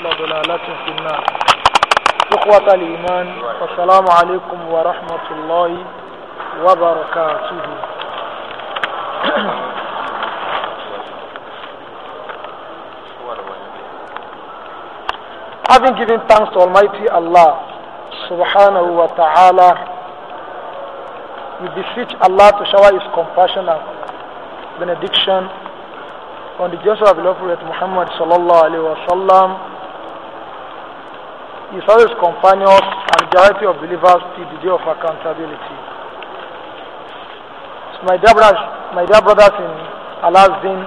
وكل ضلالة في النار إخوة الإيمان والسلام عليكم ورحمة الله وبركاته Having given thanks to Almighty Allah subhanahu wa ta'ala, we beseech Allah to shower His compassion and benediction on the Joseph of the Prophet Muhammad sallallahu alayhi wa sallam is always companions and majority of believers till the day of accountability. So my dear brothers, my dear brothers in Allah's name.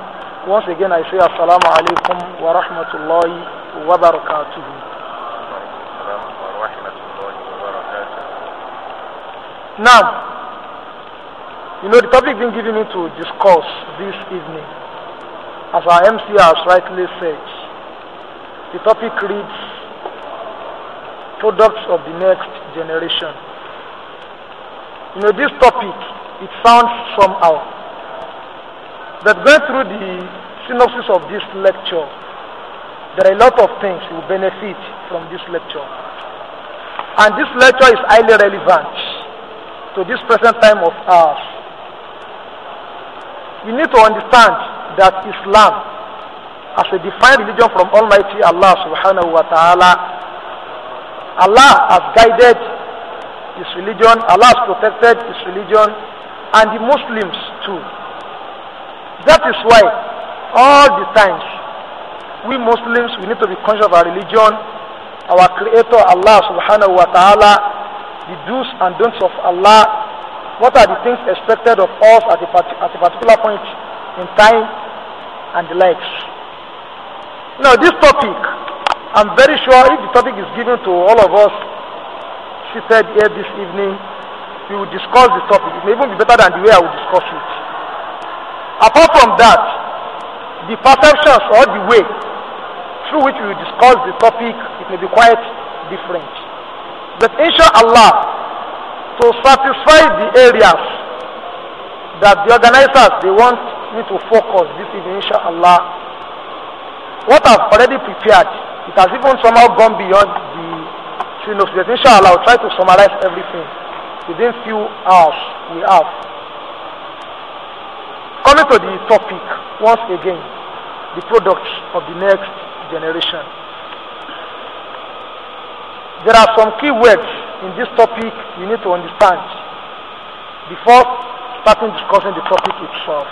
once again I say assalamu alaikum wa rahmatullahi wa barakatuh. Now, you know the topic being given me to discuss this evening, as our MC has rightly said, the topic reads products of the next generation. You know, this topic, it sounds somehow. that going through the synopsis of this lecture, there are a lot of things you will benefit from this lecture. And this lecture is highly relevant to this present time of ours. We need to understand that Islam, as a defined religion from Almighty Allah subhanahu wa ta'ala, Allah has guided his religion, Allah has protected his religion, and the Muslims too. That is why all the times we Muslims we need to be conscious of our religion, our Creator Allah subhanahu wa ta'ala, the do's and don'ts of Allah, what are the things expected of us at a, at a particular point in time and the likes. Now this topic I'm very sure if the topic is given to all of us, seated here this evening, we will discuss the topic. It may even be better than the way I will discuss it. Apart from that, the perceptions or the way through which we will discuss the topic, it may be quite different. But inshallah, to satisfy the areas that the organizers, they want me to focus this evening, inshallah, what I've already prepared it has even somehow gone beyond the three notes. But inshallah, I'll try to summarize everything within few hours we have. Coming to the topic once again, the product of the next generation. There are some key words in this topic you need to understand before starting discussing the topic itself.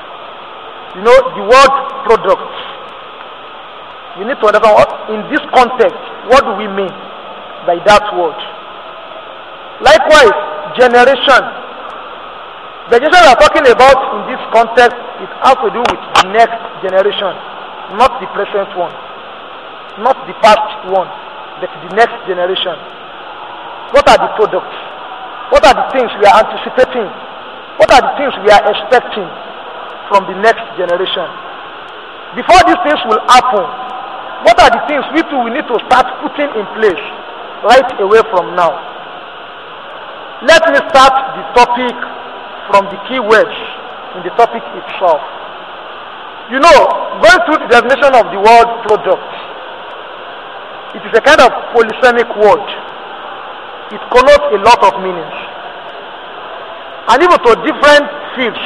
You know, the word product. You need to understand what, in this context, what do we mean by that word? Likewise, generation. The generation we are talking about in this context, it has to do with the next generation, not the present one, not the past one, but the next generation. What are the products? What are the things we are anticipating? What are the things we are expecting from the next generation? Before these things will happen, what are the things we too we need to start putting in place right away from now? Let me start the topic from the key words in the topic itself. You know, going through the definition of the word product, it is a kind of polysemic word. It connotes a lot of meanings. And even to different fields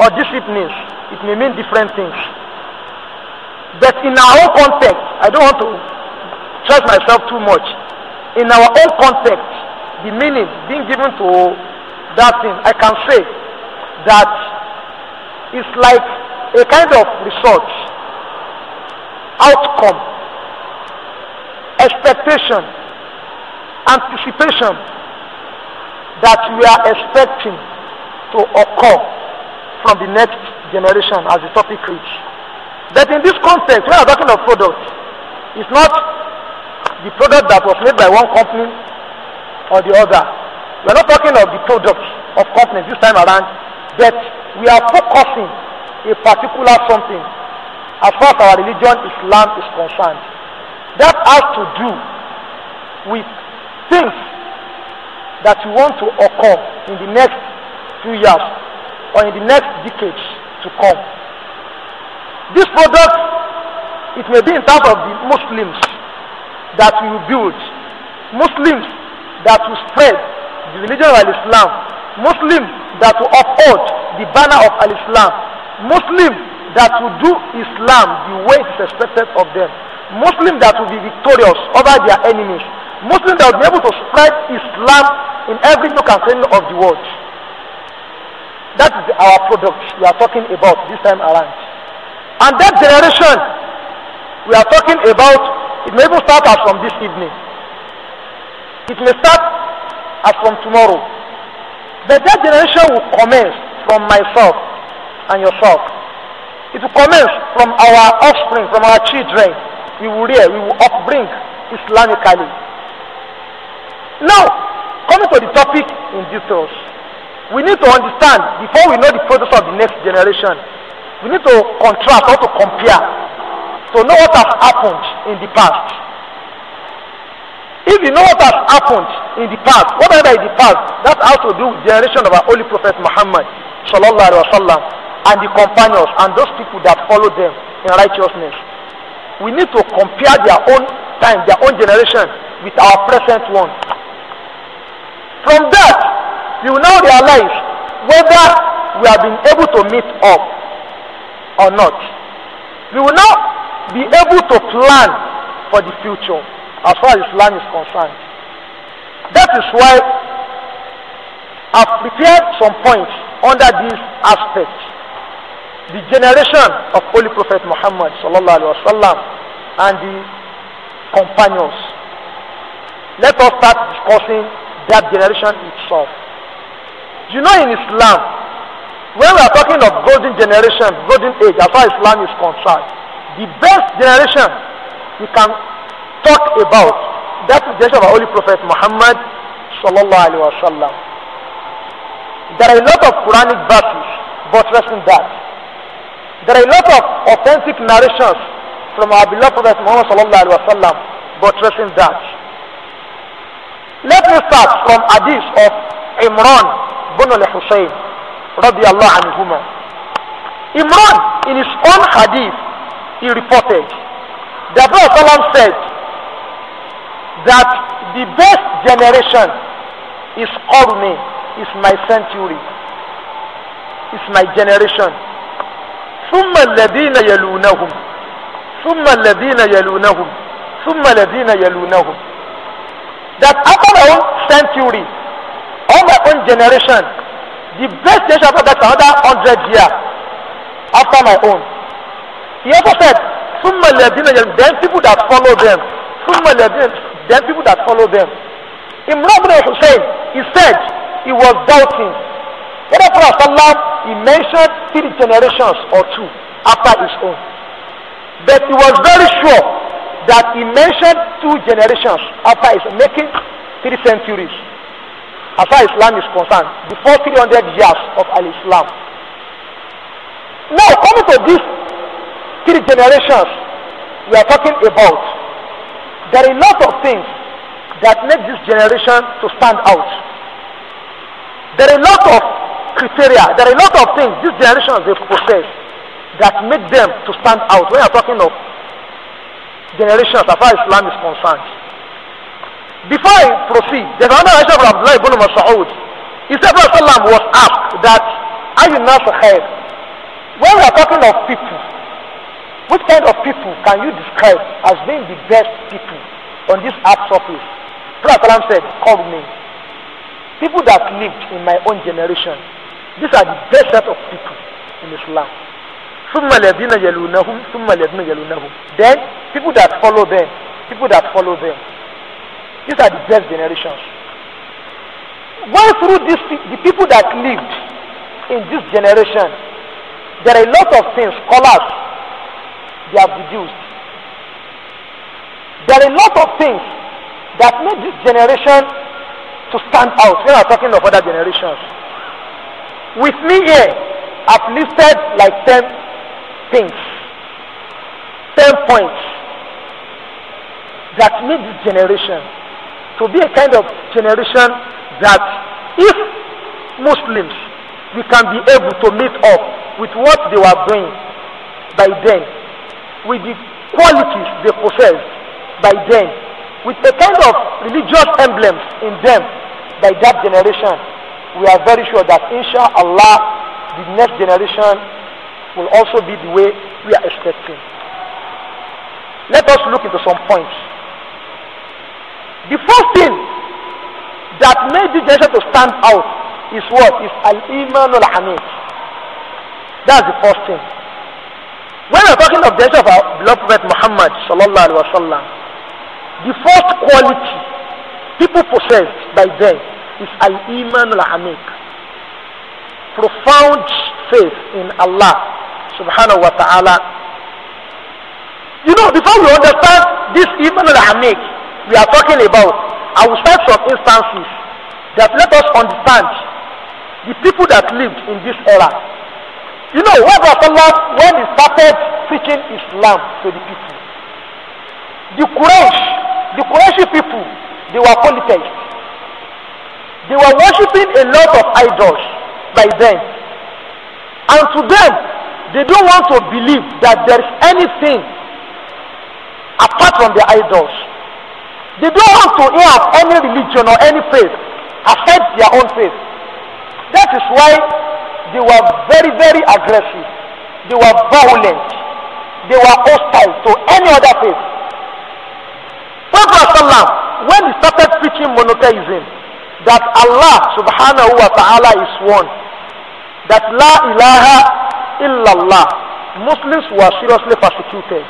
or disciplines, it may mean different things. But in our own context, I don't want to stress myself too much. In our own context, the meaning being given to that thing, I can say that it's like a kind of research, outcome, expectation, anticipation that we are expecting to occur from the next generation as the topic reach. That in this context, when I'm talking of products, it's not the product that was made by one company or the other. We're not talking of the product of companies this time around, but we are focusing a particular something as far as our religion, Islam, is concerned. That has to do with things that we want to occur in the next few years or in the next decades to come. This product, it may be in terms of the Muslims that will build, Muslims that will spread the religion of Islam, Muslims that will uphold the banner of Al Islam, Muslims that will do Islam the way it is expected of them, Muslims that will be victorious over their enemies, Muslims that will be able to spread Islam in every nook and of the world. That is our product we are talking about this time around. And that generation we are talking about, it may even start as from this evening. It may start as from tomorrow. But that generation will commence from myself and yourself. It will commence from our offspring, from our children. We will rear, we will upbring Islamically. Now, coming to the topic in details, we need to understand before we know the process of the next generation we need to contrast or to compare to know what has happened in the past if you know what has happened in the past what happened in the past that has to do with generation of our holy prophet muhammad sallallahu alaihi wasallam and the companions and those people that follow them in righteousness we need to compare their own time their own generation with our present one from that you now realize whether we have been able to meet up or not. We will now be able to plan for the future as far as Islam is concerned. That is why I prepared some points under this aspect: The generation of Holy Prophet Muhammad wasallam, and the companions. Let us start discussing that generation itself. You know in Islam, when we are talking of golden generation golden age as far as Islam is concerned the best generation we can talk about that is the generation of our holy prophet Muhammad sallallahu alaihi wasallam there are a lot of Quranic verses but buttressing that there are a lot of authentic narrations from our beloved prophet Muhammad sallallahu alaihi wasallam buttressing that let me start from hadith of Imran bin al-Husayn radiyallahu anhuma Imran in his own hadith he reported "The Prophet Salam said that the best generation is Qurni is my century is my generation ثم الذين يلونهم ثم الذين يلونهم ثم الذين يلونهم that after my own century all my own generation the best nation of Africa another hundred years after my own. He also said, "Summa ladina then people that follow them, summa ladina then people that follow them." Imran bin Hussein, he said he was doubting. When the Prophet he mentioned three generations or two after his own, but he was very sure that he mentioned two generations after his making three centuries as far as Islam is concerned before 300 years of al-Islam. Now coming to these three generations we are talking about, there are a lot of things that make this generation to stand out. There are a lot of criteria, there are a lot of things this generation they possess that make them to stand out when you're talking of generations as far as Islam is concerned. Before I proceed, there's another Aisha from Abdullah ibn Mas'ud. He said, Prophet was asked that, are you not khair? When we are talking of people, which kind of people can you describe as being the best people on this earth surface? Prophet said, call me. People that lived in my own generation, these are the best set of people in Islam. ثم الذين يلونهم ثم الذين يلونهم then people that follow them people that follow them These are the best generations. Well, through this, the people that lived in this generation, there are a lot of things, scholars, they have deduced. There are a lot of things that made this generation to stand out when we are talking of other generations. With me here, I've listed like 10 things, 10 points that made this generation to be a kind of generation that if Muslims we can be able to meet up with what they were doing by then, with the qualities they possess by then, with the kind of religious emblems in them by that generation, we are very sure that inshallah the next generation will also be the way we are expecting. Let us look into some points. The first thing that made this generation to stand out is what? Is Al-Iman al-Hamid. That's the first thing. When we're talking of the generation of our beloved Prophet Muhammad sallallahu alaihi wasallam, the first quality people possessed by them is Al-Iman al-Hamid. Profound faith in Allah subhanahu wa ta'ala. You know, before we understand this Iman al-Hamid, we are talking about I will start from instances that let us understand the people that lived in this era. You know, when Rasulullah, when he started preaching Islam to the people, the Quraysh, the Quraysh people, they were polytheists. They were worshiping a lot of idols by then. And to them, they don't want to believe that there is anything apart from the idols. They don't want to hear of any religion or any faith affect their own faith. That is why they were very, very aggressive. They were violent. They were hostile to any other faith. Prophet when he started preaching monotheism, that Allah subhanahu wa ta'ala is one, that la ilaha illallah, Muslims were seriously persecuted.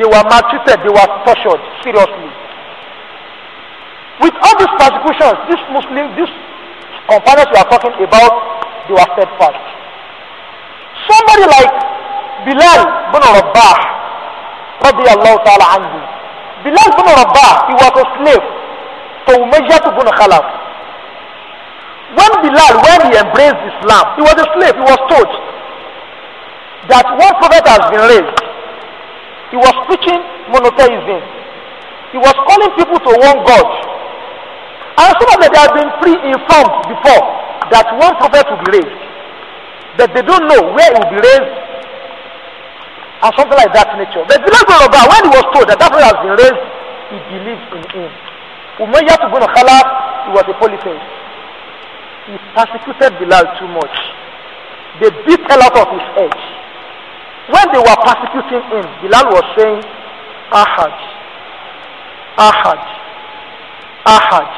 They were maltreated, they were tortured seriously. With all these persecutions, these Muslims, these companions we are talking about, they were steadfast. Somebody like Bilal bin Rabah, radiallahu ta'ala anhu. Bilal bin Rabah, he was a slave to Umayyad bin Khalaf. When Bilal, when he embraced Islam, he was a slave, he was told that one prophet has been raised He was preaching monotheism. He was calling people to one God. And some of them have been pre-informed before that one prophet will be raised. But they don't know where he will be raised and something like that nature. But Bilal bin Rabah, when he was told that that prophet has been raised, he believed in him. Umayyad ibn Khalaf, he was a polytheist. He persecuted Bilal too much. They beat a lot of his edge when they were persecuting him, Bilal was saying, Ahad, Ahad, Ahad.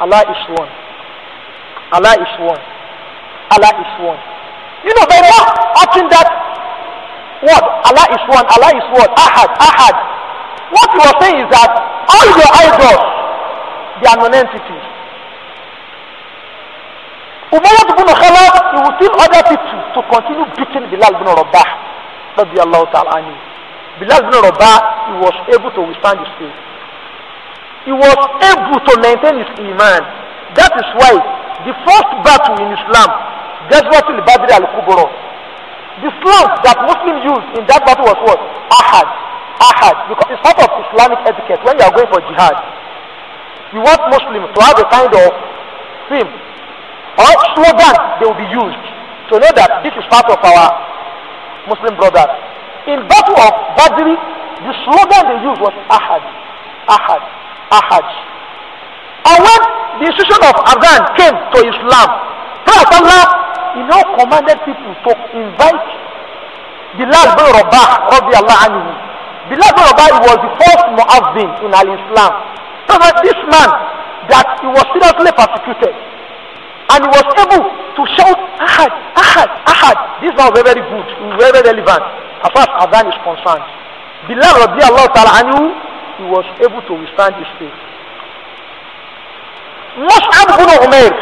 Allah is one. Allah is one. Allah is one. You know, they were uttering that word. Allah is one. Allah is one. Ahad, Ahad. What you are saying is that all your idols, they are non-entities. Umayyad ibn Khalaf, he will still order people to continue beating Bilal ibn Rabah radiyallahu ta'ala anhu Bilal bin Rabah he was able to withstand his faith he was able to maintain his iman that is why the first battle in Islam Ghazwatul Badr al-Kubra the slang that Muslims used in that battle was what ahad ahad because it's part of Islamic etiquette when you are going for jihad you want Muslims to have a kind of theme or slogan they will be used to know that this is part of our Muslim brothers. In battle of Badri, the slogan they used was Ahad, Ahad, Ahad. And when the institution of Afghan came to Islam, Prophet he now commanded people to invite the last Bilal bin Rabah, Rabbi Allah anhu. Bilal bin Rabah was the first Muazzin in Al-Islam. So that This man, that he was seriously persecuted and he was able to shout ahad ahad ahad this now very very good very very relevant as far as adhan is concerned bilal rabi allah ta'ala anhu he was able to withstand his faith mus'ab bin umair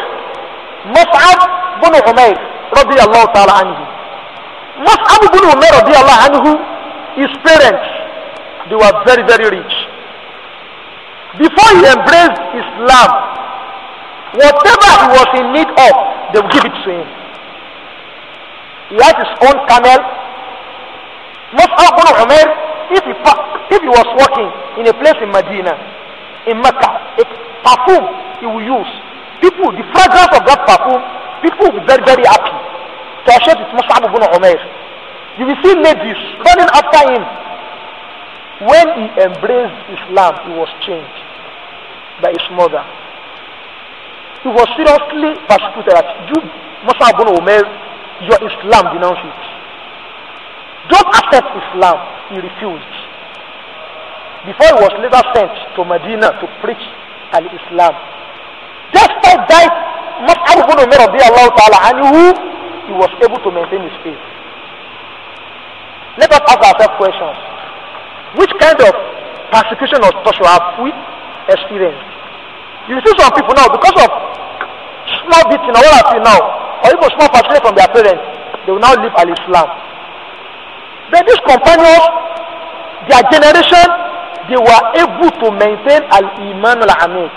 mus'ab bin umair rabi allah ta'ala anhu mus'ab bin umair rabi allah anhu his parents they were very very rich before he embraced islam Whatever he was in need of, they would give it to him. He had his own camel. Mus'ab bin Umair, if he, if he was working in a place in Medina, in Mecca, a perfume he would use. People, the fragrance of that perfume, people will be very, very happy. To associate with Mus'ab bin Umair. You will see ladies running after him. When he embraced Islam, he was changed by his mother he was seriously persecuted You must have bin Umair eh? your Islam denounced it don't accept Islam he refused before he was later sent to Medina to preach al-Islam despite that Musa bin Umair Allah. ta'ala who he was able to maintain his faith let us ask ourselves questions which kind of persecution or torture have we experienced you see some people now because of small beating or what have you now or even small particularly from their parents they will now leave al-islam then these companions their generation they were able to maintain al-iman al-amik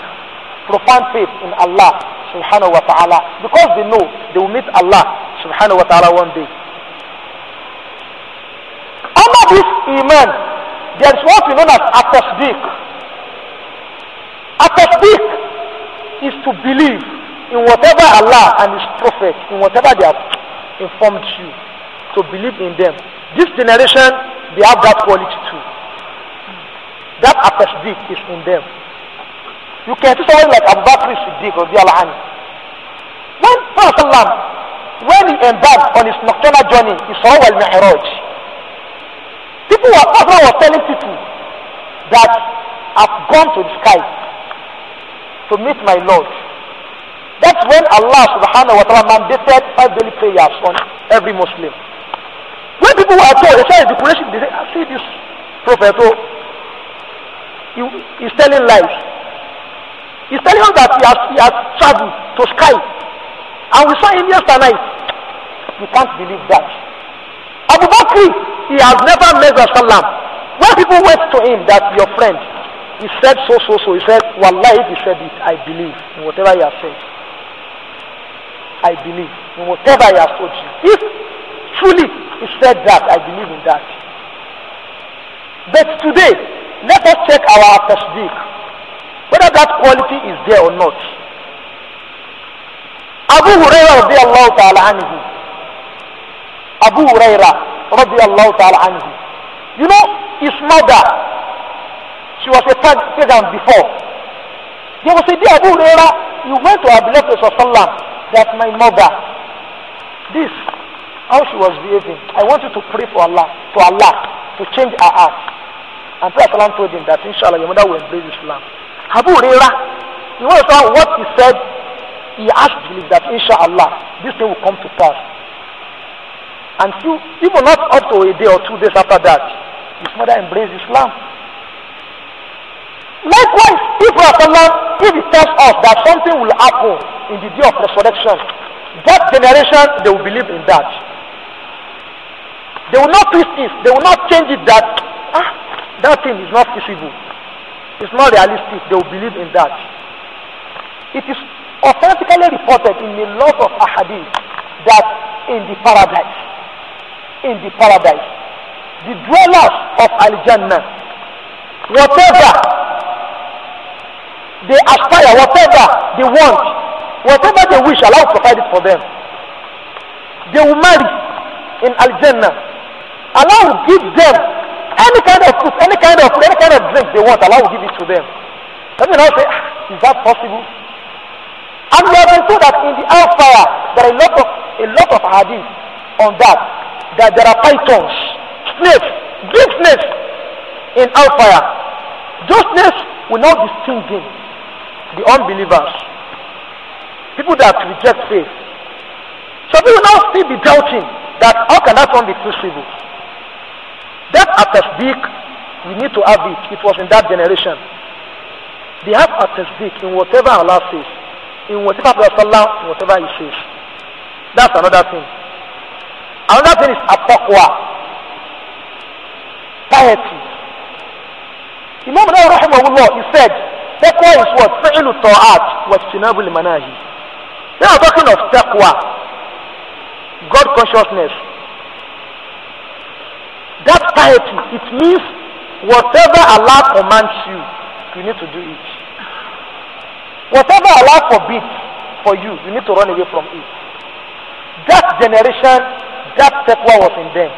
profound faith in Allah subhanahu wa ta'ala because they know they will meet Allah subhanahu wa ta'ala one day under this iman there is what we know as at-tasdiq at-tasdiq is to believe in whatever Allah and His Prophet, in whatever they have informed you, to believe in them. This generation, they have that quality too. That apostasy is in them. You can see someone like Abu Bakr Siddiq or the Allah. When Prophet when he embarked on his nocturnal journey, he saw al Mi'raj. People were, Prophet was telling people that have gone to the sky to meet my Lord. That's when Allah subhanahu wa ta'ala mandated five daily prayers on every Muslim. When people were told, they said, decoration, they say, see this prophet, oh, he, he's telling lies. He's telling us that he has, he has traveled to sky. And we saw him yesterday night. We can't believe that. Abu Bakr, he has never met Rasulullah. When people went to him that your friend, he said so so so he said wallahi he said it I believe in whatever he has said I believe in whatever he has told you if truly he said that I believe in that but today let us check our tasdeeq whether that quality is there or not Abu Huraira Hurairah radiyallahu ta'ala anhu Abu Huraira Hurairah radiyallahu ta'ala anhu you know his mother She was a pregnant before. They will say, Dear Abu Huraira, you went to our beloved Sallam that my mother, this, how she was behaving, I want you to pray for Allah, to Allah, to change her heart. And Prophet Sallam told him that inshallah your mother will embrace Islam. Abu Huraira, you want to what he said? He asked believe that inshallah this thing will come to pass. And few, even not up to a day or two days after that, his mother embraced Islam. Likewise, if Rasulullah, if it tells us that something will happen in the day of resurrection, that generation, they will believe in that. They will not twist it. They will not change it that, ah, that thing is not feasible. It's not realistic. They will believe in that. It is authentically reported in a lot of ahadith that in the paradise, in the paradise, the dwellers of Al-Jannah, whatever they aspire whatever they want whatever they wish Allah will provide it for them they will marry in Al-Jannah Allah will give them any kind of food any kind of food any kind of drink they want Allah will give it to them let me now say ah, is that possible and we have been told that in the hellfire there are a lot of a lot of hadith on that that there are pythons snakes big snakes in hellfire Justness will now distinguish the unbelievers, people that reject faith. So people will now still be doubting that how can that one be possible? That at tasbih, we need to have it. It was in that generation. They have a tasbih in whatever Allah says, in whatever Allah, in whatever He says. That's another thing. Another thing is apokwa, piety. Imam Nawawi rahimahullah he said taqwa is what fi'lu ta'at wa ijtinabu al-manahi they are talking of taqwa God consciousness that piety it means whatever Allah commands you you need to do it whatever Allah forbids for you you need to run away from it that generation that taqwa was in them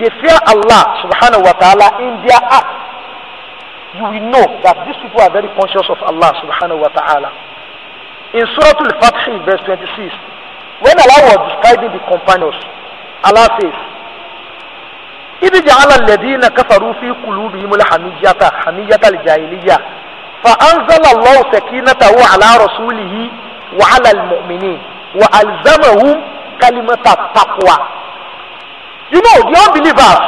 they fear Allah subhanahu wa ta'ala in their act, you will know that these people are very conscious of Allah subhanahu wa ta'ala. In Surah Al-Fatih, verse 26, when Allah was describing the companions, Allah says, إذ جعل الذين كفروا في قلوبهم الحمية حمية الجاهلية فأنزل الله سكينته على رسوله وعلى المؤمنين وألزمهم كلمة التقوى You know, the unbelievers,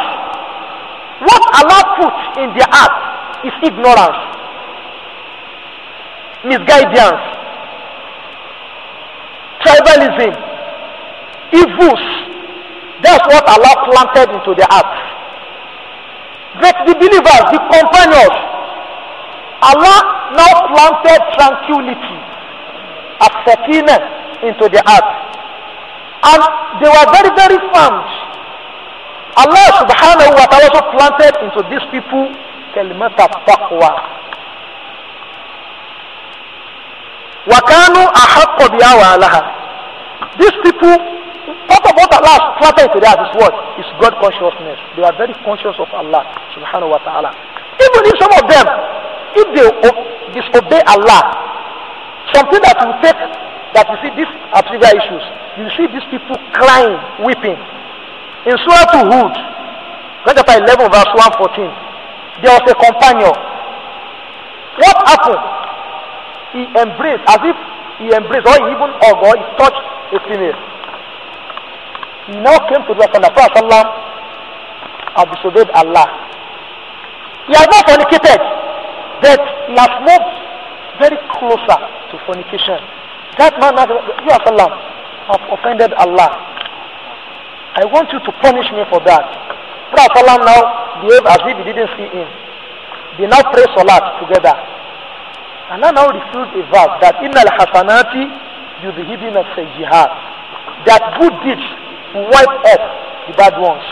what Allah put in their heart is ignorance, misguidance, tribalism, evils. That's what Allah planted into their heart. But the believers, the companions, Allah now planted tranquility, as into their heart, And they were very, very firm Allah subhanahu wa ta'ala also planted into these people kalimata taqwa. Wakanu ahakko biya wa alaha. These people, part of what Allah has planted into their Is what is God consciousness. They are very conscious of Allah subhanahu wa ta'ala. Even if some of them, if they disobey Allah, something that will take, that you see these are trivial issues, you see these people crying, weeping. In Surah Hud, Quran chapter 11, verse fourteen, there was a companion. What happened? He embraced, as if he embraced, or he even or he touched a female. He now came to the Prophet and disobeyed Allah. He has not fornicated, but he has moved very closer to fornication. That man, you have offended Allah. I want you to punish me for that. Prophet now behaved as if he didn't see him. They now pray Salat together. And I now refute a verse that in al hasanati you be hidden as a jihad that good deeds wipe off the bad ones.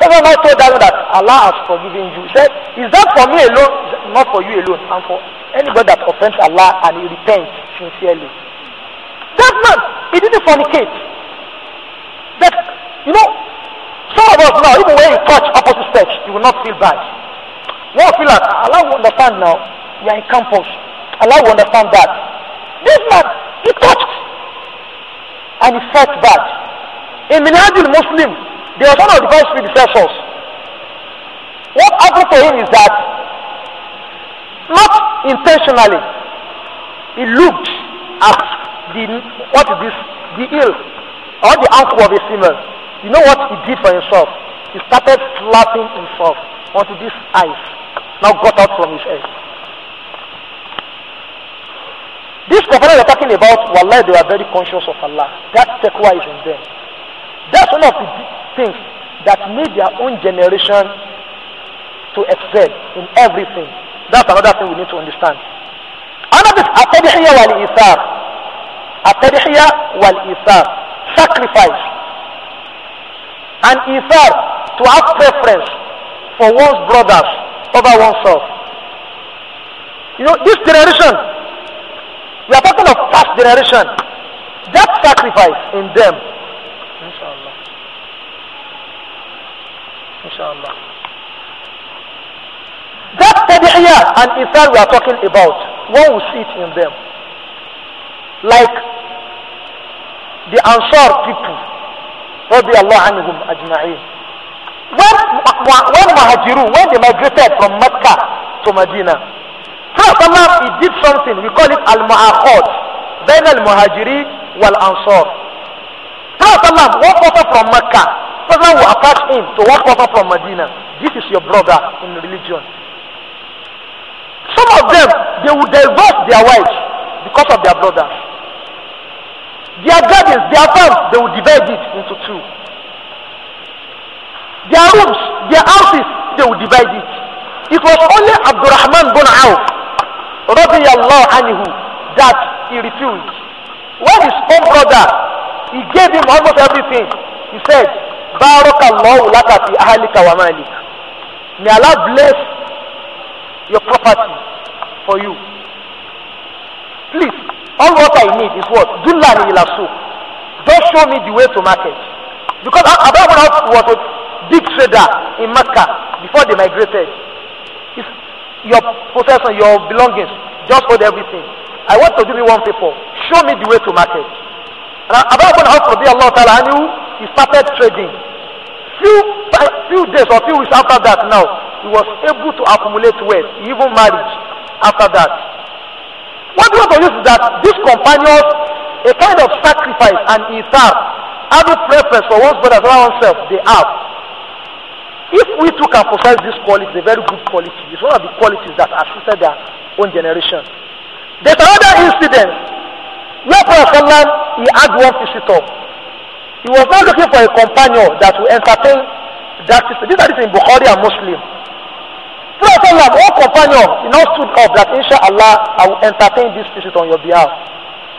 Someone now told them that Allah has forgiven you. He said, Is that for me alone? Not for you alone, and for anybody that offends Allah and he repents sincerely. That man, he didn't fornicate. That You know, some of us now, even when you touch opposite sex, you will not feel bad. One feel like, allow will understand now, you are in campus. Allow will understand that. This man, he touched and he felt bad. In Minhajul Muslim, there was one of the vice predecessors. What happened to him is that, not intentionally, he looked at the, what is this, the ill or the ankle of a female. You know what he did for himself? He started slapping himself onto this ice now got out from his head. These companions we're talking about, wallahi, they were very conscious of Allah. That taqwa is in them. That's one of the things that made their own generation to excel in everything. That's another thing we need to understand. Another is wal wal Sacrifice. and ithar to have preference for one's brothers over oneself. You know, this generation, we are talking of past generation, that sacrifice in them. Inshallah. Inshallah. That tadiyah and ithar we are talking about, one will see it in them. Like the Ansar people radiyallahu anhum ajma'in when when muhajirun when they migrated from Mecca to Medina Prophet he did something we call it al-mu'akhad bain al-muhajirin wal-ansar Prophet one person from Mecca person will attach him to one person from Medina this is your brother in religion some of them they will divorce their wives because of their brothers Their gardens, their farms, they will divide it into two. Their rooms, their houses, they will divide it. It was only Abdurrahman bin Auf, radiyallahu anhu, that he refused. When his own brother, he gave him almost everything. He said, Barakallahu laka fi ahlika wa malik. May Allah bless your property for you. Please, all what I need is what dulan ila souq. Just show me the way to market. Because Abraham was a big trader in Mecca before they migrated. It's your possession, your belongings, just hold everything. I want to do you one paper. Show me the way to market. And Abraham House Rabbi Allah Ta'ala knew he started trading. Few, uh, few days or few weeks after that now, he was able to accumulate wealth, even marriage after that. What we want to use is that these companions, a kind of sacrifice and have a preference for one's brother than oneself, they have. If we too can possess this quality, a very good quality, it's one of the qualities that assisted their own generation. There's another incident where Prophet he had one visitor. He was not looking for a companion that will entertain that This is in Bukhari and Muslim. Prophet Lam, one companion, he now stood up that inshallah I will entertain this visit on your behalf.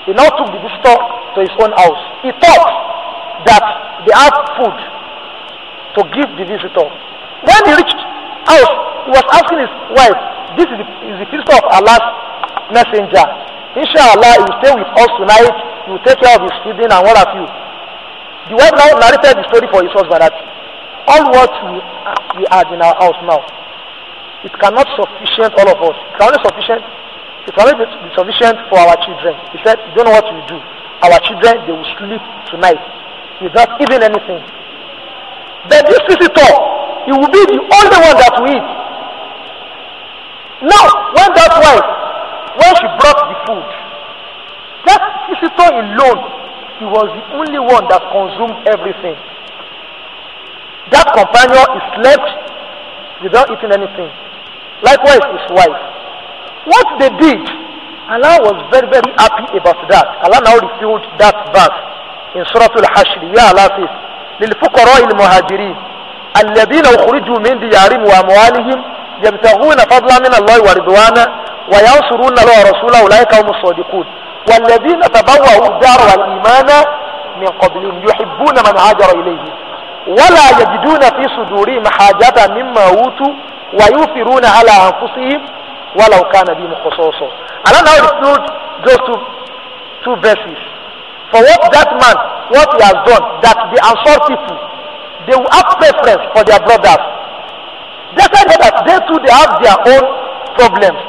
He now took the visitor to his own house. He thought that they have food to give the visitor. When he reached house, he was asking his wife, this is the, is the visitor of Allah's messenger. Inshallah, he will stay with us tonight. He will take care of his feeding and all of you. The wife now narrated the story for his husband that all what we, we had in our house now it cannot sufficient all of us. It can sufficient. It cannot be sufficient for our children. He said, "You don't know what we do. Our children they will sleep tonight without even anything." But this visitor, he will be the only one that will eat. Now, when that wife, when she brought the food, that visitor alone, he was the only one that consumed everything. That companion he slept without eating anything. Likewise, his wife. What they did, Allah was very, very happy about that. Allah now revealed that verse in Surah Al-Hashr. Yeah, Allah says, للفقراء المهاجرين الذين أخرجوا من ديارهم وأموالهم يبتغون فضلا من الله ورضوانا وينصرون الله ورسوله أولئك هم الصادقون والذين تبوأوا الدار والإيمان من قبلهم يحبون من هاجر إليهم ولا يجدون في صدورهم حاجة مما أوتوا ويؤثرون على أنفسهم ولو كان بهم خصوصة Allah now include those two, two verses for what that man what he has done that the Ansar people they will have preference for their brothers despite that they too they have their own problems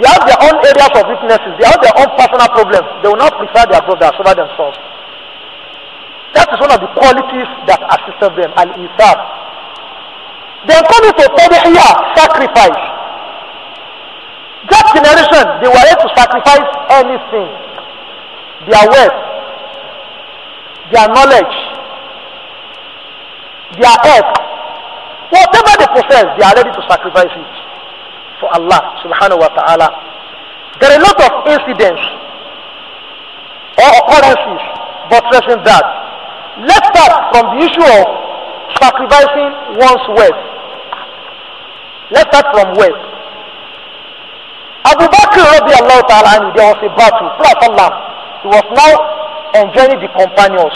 they have their own areas of weaknesses they have their own personal problems they will not prefer their brothers over themselves that is one of the qualities that assisted them al-isab Then come to Tadhiya, sacrifice. That generation, they were ready to sacrifice anything. Their wealth, their knowledge, their health, whatever they possess, they are ready to sacrifice it for Allah subhanahu wa ta'ala. There are a lot of incidents or occurrences buttressing that. Let's start from the issue of sacrificing one's wealth. Let's start from west. Abubakar Rabi Allah Ta'ala and there was a battle. Prophet Allah. He was now enjoining the companions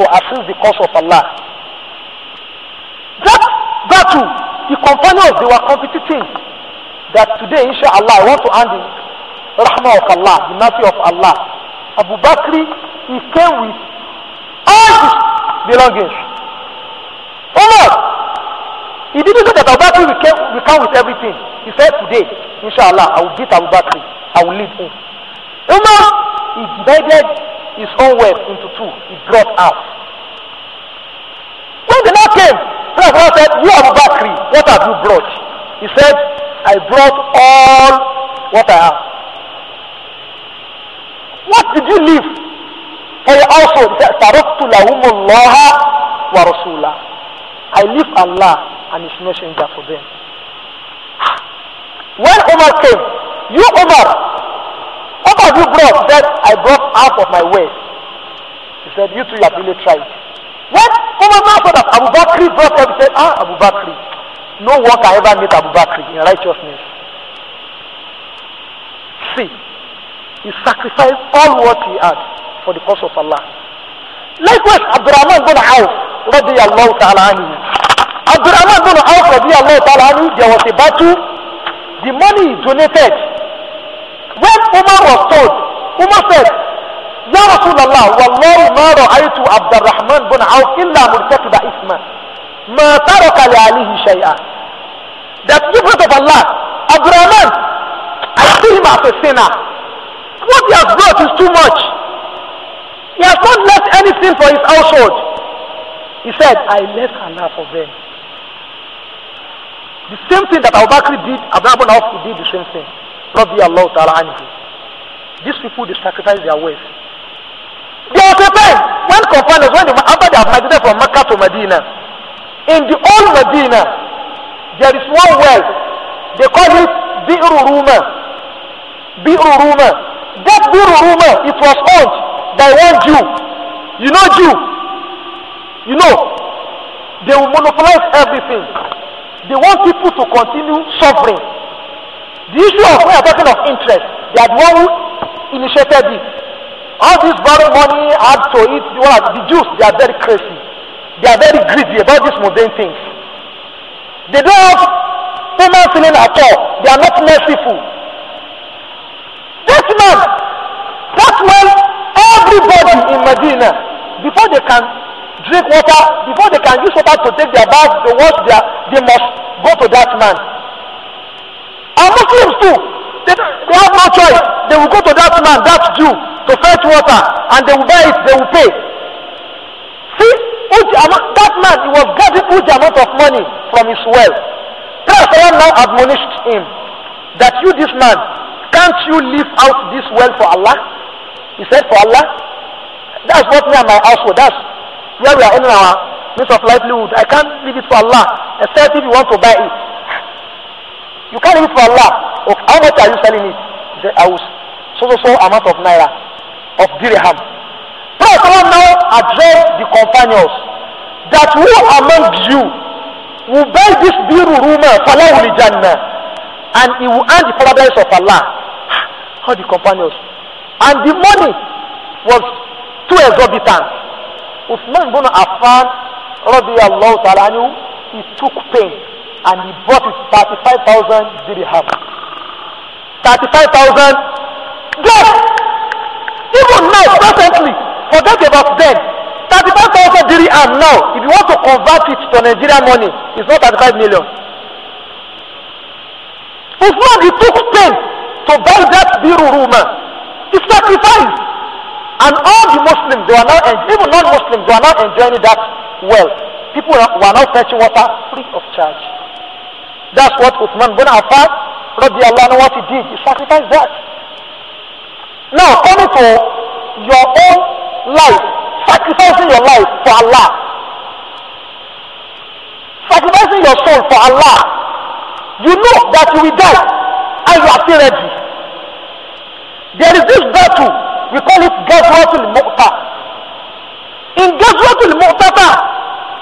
to assist the cause of Allah. That battle, the companions, they were competing. That today, Insha Allah, I want to end in Rahma of Allah, the mercy of Allah. Abu Bakr, he came with all his belongings. Umar, He didn't know that Abu Bakr will come, will come with everything. He said, Today, inshallah, I will beat Abu Bakr. I will leave him. Umar, he divided his own wealth into two. He brought out. When the night came, Prophet said, You Abu Bakr, what have you brought? He said, I brought all what I have. What did you leave for your household? He said, Taraktu lahumullah wa rasulah. I leave Allah and his messenger for them. When Omar came, you Omar, what have you brought? That I brought half of my wealth. He said, you two have really tried. When Omar now that Abu Bakr brought everything, said, ah, Abu Bakr, no worker ever meet Abu Bakr in righteousness. See, he sacrificed all what he had for the cause of Allah. Likewise, Abdurrahman bin Auf, radiyallahu ta'ala anhu, Abdulrahman bin Awf radiyallahu ta'ala anhu there was a battle the money is donated when Umar was told Umar said ya Rasulallah wallahi ma ra'aytu Abdulrahman bin Awf illa murtakiba isman ma taraka li alihi shay'a." The different of Allah Abdulrahman I see him as a sinner what he has brought is too much he has not left anything for his household he said I left Allah for them The same thing that Abu Bakr did, Abu Bakr did the same thing. Rabbi Allah Ta'ala anhu. These people, they sacrifice their wealth. They are occupied. When companions, when they, after they have migrated from Mecca to Medina, in the old Medina, there is one well. They call it Bi'ru Ruma. Bi'ru Ruma. That Bi'ru Ruma, it was owned by one Jew. You know Jew. You know. They will monopolize everything. They want people to continue suffering. The issue of when you're talking of interest, they are the one who initiated it. All this borrow money, add to it, well, the Jews, they are very crazy. They are very greedy about these modern things. They don't have human feeling at all. They are not merciful. This man, that man, everybody in Medina, before they can drink water before they can use water to take their bath to wash their they must go to that man and muslims too they, they have no choice they will go to that man that jew to fetch water and they will buy it they will pay see uji amount that man he was getting uji amount of money from his well president now admonished him that you this man can't you leave out this well for allah he said for allah that's not me and my household that's where we are earning our means of livelihood. I can't leave it for Allah, except if you want to buy it. You can't leave it for Allah. Of how much are you selling it? He said, I will so so so amount of naira, of dirham. Prophet Allah now address the companions that who among you will buy this biru rumor, falahu jannah, and he will earn the paradise of Allah. All the companions. And the money was too exorbitant. Usman bin Affan radiyallahu ta'ala anhu he took pain and he bought his thirty five thousand dirham thirty five thousand yes even now presently forget about then thirty five thousand dirham now if you want to convert it to Nigerian money it's not thirty five million Usman he took pain to buy that biru rumah he sacrificed. And all the Muslims, they are now, even non-Muslims, they are now enjoying that wealth. People were now fetching water free of charge. That's what Uthman bin Affan, Allah anhu, what he did. He sacrificed that. Now, coming to your own life, sacrificing your life for Allah, sacrificing your soul for Allah, you know that you will die and you are still ready. There is this battle we call it gazwatul mu'ta in gazwatul mu'tata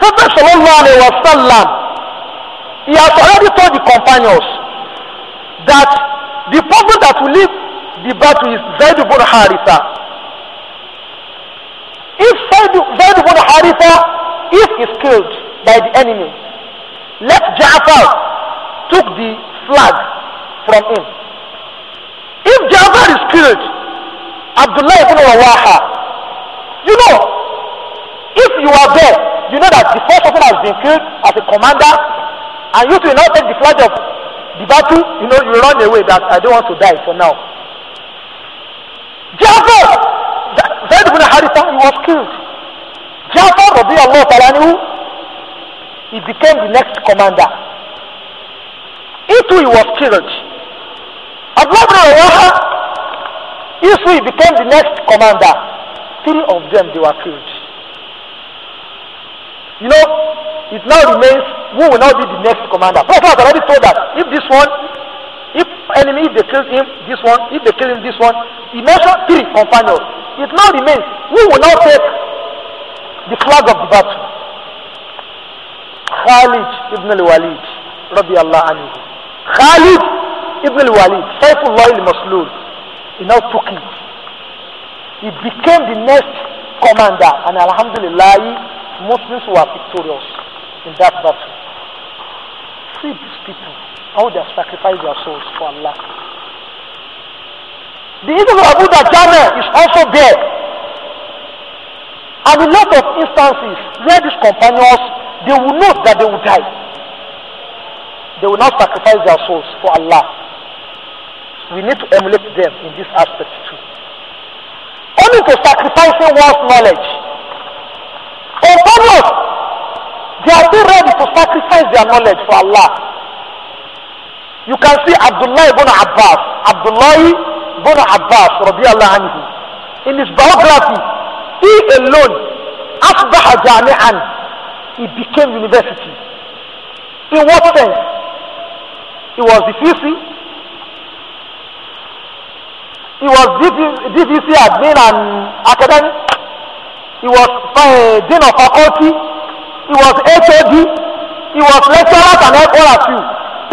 prophet sallallahu alayhi wa sallam he has already told the companions that the person that will lead the battle is Zaid ibn Haritha if Zaid, Zaid ibn Haritha if is killed by the enemy let Ja'far took the flag from him if Ja'far is killed Abdullahi ibn Rawaha you know if you are there you know that the first person has been killed as a commander and you too now take the flag of the battle you know you run away that I don't want to die for now Jafar Zaid ibn Haritha he was killed Jafar Rabi Allah Talanihu he became the next commander he too he was killed Abdullah ibn Rawaha Isui became the next commander. Three of them, they were killed. You know, it now remains who will now be the next commander. Prophet has already told that if this one, if enemy, if they kill him, this one, if they kill him, this one. He mentioned three companions. It now remains who will now take the flag of the battle. Khalid ibn al-Walid, Rabbi Allah anhu. Khalid ibn al-Walid, Saifullah al-Maslul he now took it. He became the next commander, and Alhamdulillah, Muslims were victorious in that battle. See these people, how they have sacrificed their souls for Allah. The evil of Abu Dajjal is also there. And a lot of instances where these companions, they will know that they will die. They will not sacrifice their souls for Allah we need to emulate them in this aspect too. Only to sacrificing one's knowledge. Others, they are still ready to sacrifice their knowledge for Allah. You can see Abdullah ibn Abbas, Abdullah ibn Abbas, radiallahu anhu. In his biography, he alone, أصبح جامعا, he became university. In what sense? He was the He was DVC admin and academic. He was uh, dean of faculty. He was HOD. He was lecturer and all of you.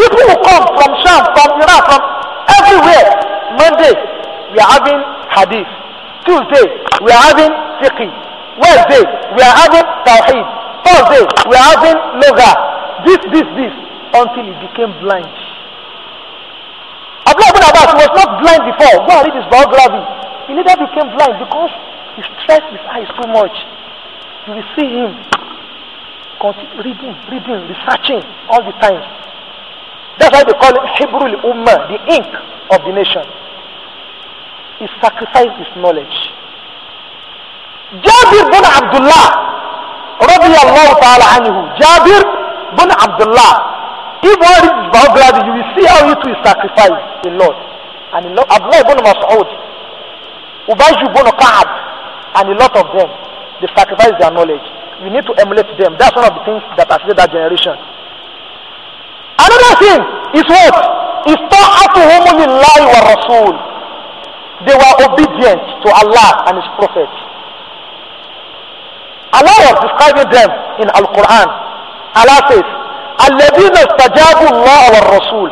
People who come from Sham, from you know, from everywhere. Monday, we are having hadith. Tuesday, we are having fiqh. Wednesday, we are having tawheed. Thursday, we are having loga. This, this, this. Until he became blind. Abdullah ibn Abbas was not blind before. Go and read his biography. He later became blind because he stressed his eyes too much. You will see him reading, reading, researching all the time. That's why they call him Hebrew Ummah, the ink of the nation. He sacrificed his knowledge. Jabir bin Abdullah, radiallahu ta'ala anhu. Jabir bin Abdullah. If one reads his biography, Nabi sacrificed a lot. And a lot Abdullah ibn Mas'ud, Ubayy ibn Ka'ab, and a lot of them, they sacrificed their knowledge. We need to emulate them. That's one of the things that affected that generation. Another thing is what? Is ta'atuhumulillahi wa rasul. They were obedient to Allah and His Prophet. Allah was describing them in Al-Quran. Allah says, الذين استجابوا الله والرسول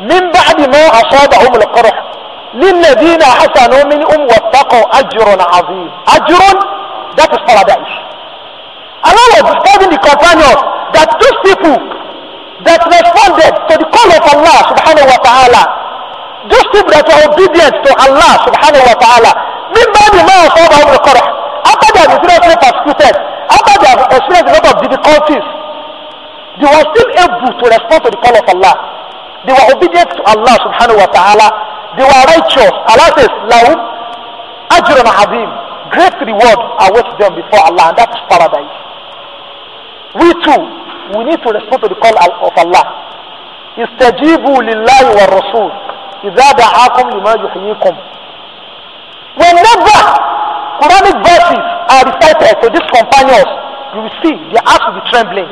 من بعد ما أصابهم القرح للذين حسنوا منهم واتقوا أجر عظيم أجر that is paradise Allah was describing the companions that those people that responded to the call of Allah subhanahu wa ta'ala those people that were obedient to Allah subhanahu wa ta'ala من بعد ما أصابهم القرح after they have experienced persecuted after they have experienced a lot of difficulties they were still able to respond to the call of Allah They were obedient to Allah subhanahu wa ta'ala. They were righteous. Allah says, Lahum ajrun azim. Great reward awaits them before Allah, and that is paradise. We too, we need to respond to the call of Allah. Istajibu lillahi wa rasul. إذا دعاكم لما يحييكم. Whenever Quranic verses are recited to these companions, you will see their hearts will be trembling.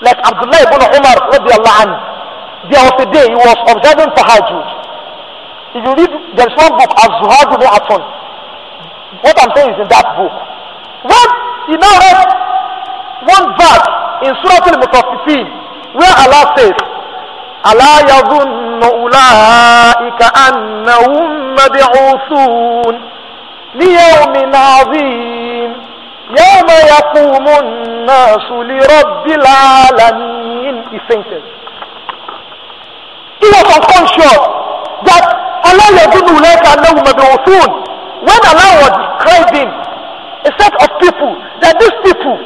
Like Abdullah ibn Umar radiallahu anhu there was a day he was observing tahajjud. If you read, there's one book, Az-Zuhad ibn Atun. What I'm saying is in that book. When he now read one verse in Surah Al-Mutaffifin, where Allah says, ألا يظن أولئك أنهم مبعوثون ليوم عظيم يوم يقوم الناس لرب العالمين He fainted. He was unconscious that Allah yadunu ulaika be mab'uthun. When Allah was describing a set of people, that these people,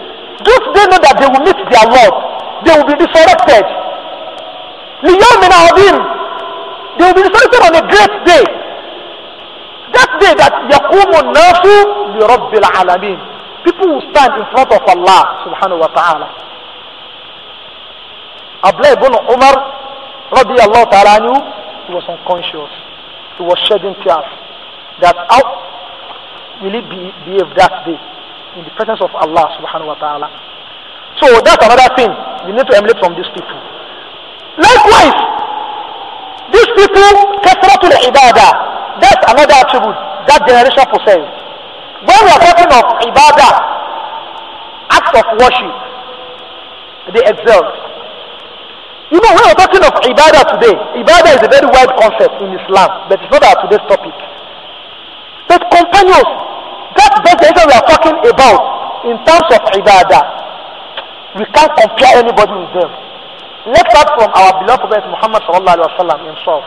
just they know that they will meet their Lord? They will be resurrected. لِيَوْمٍ عَظِيمٍ They will be resurrected on a great day. That day that يَقُومُ النَّاسُ لِرَبِّ الْعَالَمِينَ People will stand in front of Allah subhanahu wa ta'ala. Abdullah ibn Umar radiallahu ta'ala anhu, he was unconscious. He was shedding tears. That how will he be, behave that day in the presence of Allah subhanahu wa ta'ala? So that's another thing we need to emulate from these people. Likewise, these people, to the ibadah, that's another attribute that generation possess. When we are talking of ibadah, act of worship, they excelled. You know, when we're talking of ibadah today, ibadah is a very wide concept in Islam, but it's not our today's topic. But companions, that's the definition we are talking about in terms of ibadah, we can't compare anybody with them. Let's start from our beloved Prophet Muhammad sallallahu alaihi wasallam himself.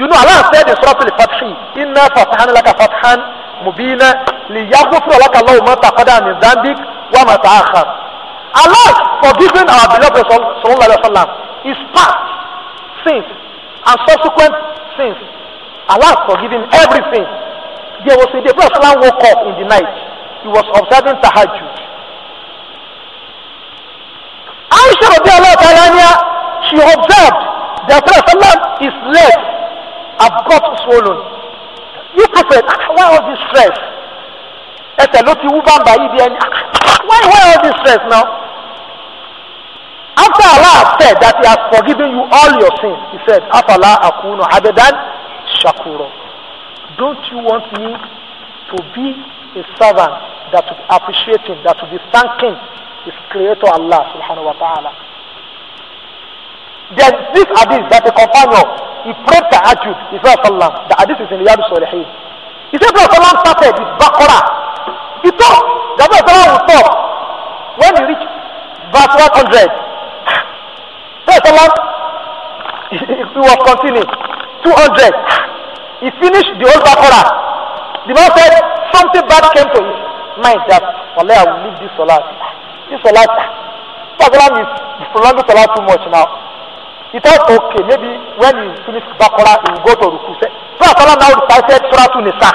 You know, Allah said in Surah Al-Fatih, "Inna fatahana laka fathan mubina liyaghfira laka Allahu ma taqaddama min dhanbik wa ma ta'akhkhar." Allah forgiving our beloved Prophet sallallahu alaihi wasallam his past sins and subsequent sins. Allah has forgiven everything. There was a day Prophet woke up in the night. He was observing tahajjud. Aisha radiallahu ta'ala she observed that Prophet is left have got swollen. You Prophet, ah, why all this stress? Ẹsẹ̀ ló ti wú bàbá yìí ah, Why why all this stress now? After Allah said that He has forgiven you all your sins, He said, Afala akunu abedan shakuro. Don't you want me to be a servant that will appreciate Him, that will be thanking His Creator Allah subhanahu wa ta'ala? Then this hadith that the companion, he prayed to ajud, he said, the hadith is in Riyadh Salihin. He said, Prophet started with Baqarah. He thought, the Prophet would talk when he reached verse one hundred.'" First of all, he was continuing two hundred he finished the whole bakora the man said something bad came to his mind that wale i will leave this solat this solat salam is prolonging solat too much now he thought okay maybe when he finish bakora he will go to ruku so salam now recited surah to nisa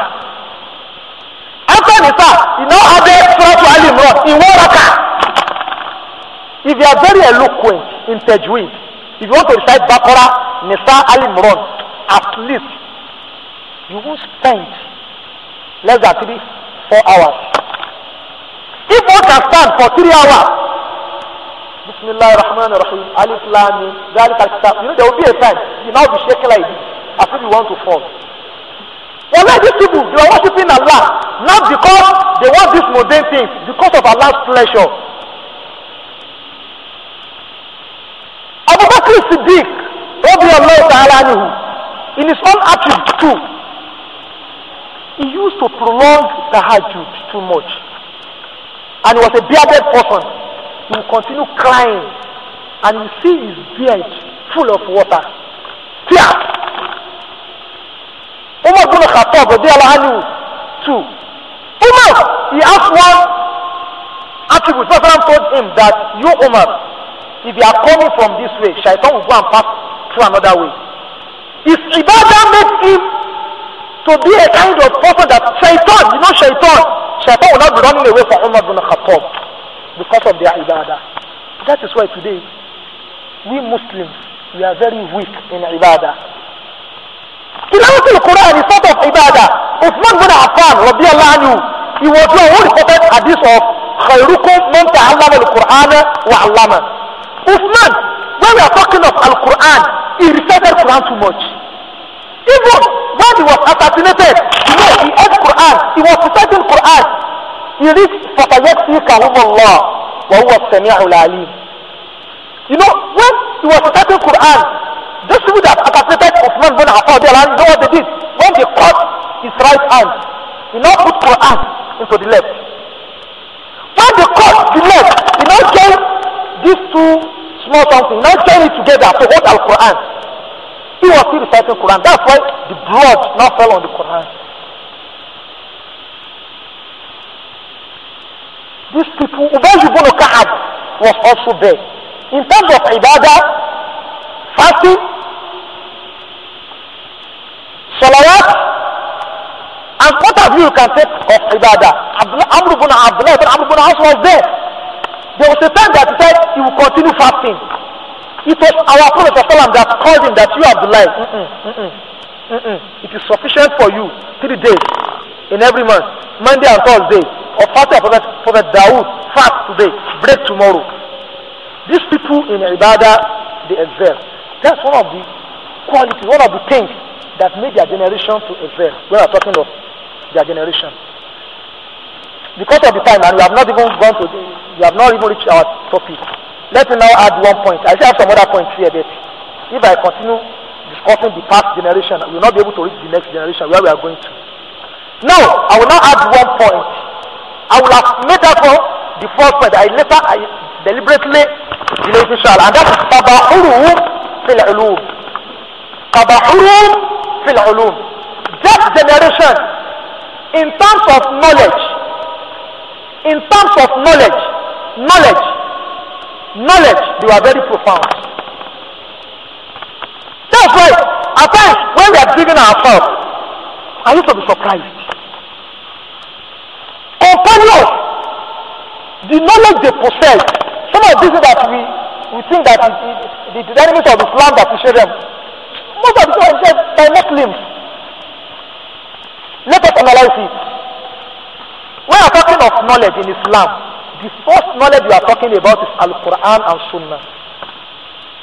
after nisa he now added surah to ali imran in one raka if you are very eloquent in tajweed if you want to recite Baqarah Nisa Al Imran at least you won't spend less than three four hours if one can stand for three hours bismillah rahman rahim alif lam mim zalika you know there will be a time you now be shaking like this as if you want to fall wàlẹ́ these people they are worshiping Allah not because they want these modern things because of Allah's pleasure. Abubakar Siddiq Rabbi Allah Ta'ala anhu in his own attribute too he used to prolong the Hajj too much and he was a bearded person he would continue crying and you see his beard full of water tears Umar bin Khattab Rabbi Allah anhu too Umar he asked one attribute Prophet told him that you Umar if they are coming from this way shaitan will go and pass through another way is ibadah make him to be a kind of person that shaitan you know shaitan shaitan will not be running away from Umar bin Khattab because of their ibadah that is why today we Muslims we are very weak in ibadah Tilawati al-Quran is sort of ibadah. Uthman bin Affan, radiallahu anhu, he was your own prophet hadith of خيركم من تعلم القرآن وعلمه Uthman, when we are talking of Al Quran, he recited Quran too much. Even when he was assassinated, you know, he read Quran, he was reciting Quran. He read فَسَيَكْفِيكَهُمُ اللَّهُ وَهُوَ السَّمِيعُ الْعَلِيمُ You know, when he was reciting Quran, those people that assassinated Uthman bin Affan, you know what they did? When they cut his right hand, he now put Quran into the left. When they cut the left, he now gave these two small something now join it together to hold Al Quran. He was still reciting Quran. That's why the blood now fell on the Quran. These people, Ubay ibn Ka'ab was also there. In terms of ibadah, fasting, salawat, and what have you can take of ibadah? Amr ibn Abdullah ibn Abdullah ibn was there there was a time that he said he will continue fasting. It was our Prophet that called him that you Abdullah, mm mm, mm -mm, mm mm it is sufficient for you three days in every month, Monday and Thursday, or fasting Prophet, Prophet Dawood, fast today, break tomorrow. These people in Ibadah, they excel. That's one of the qualities, one of the things that made their generation to excel. We are talking of their generation because of the time and we have not even gone to the, we have not even reached our topic let me now add one point i still have some other points here that if i continue discussing the past generation we will not be able to reach the next generation where we are going to now i will now add one point i will have made that one the first point i later i deliberately delayed inshallah and that is tabahuruhum fil ulum tabahuruhum fil ulum that generation in terms of knowledge in terms of knowledge knowledge knowledge you are very profound that's why at times when we are giving ourselves i used to be surprised companions the knowledge they possess some of the things that we we think that it, the, the enemies of islam that we share them most of the time they are muslims let us analyse it When you are talking of knowledge in Islam, the first knowledge you are talking about is Al-Quran and Sunnah.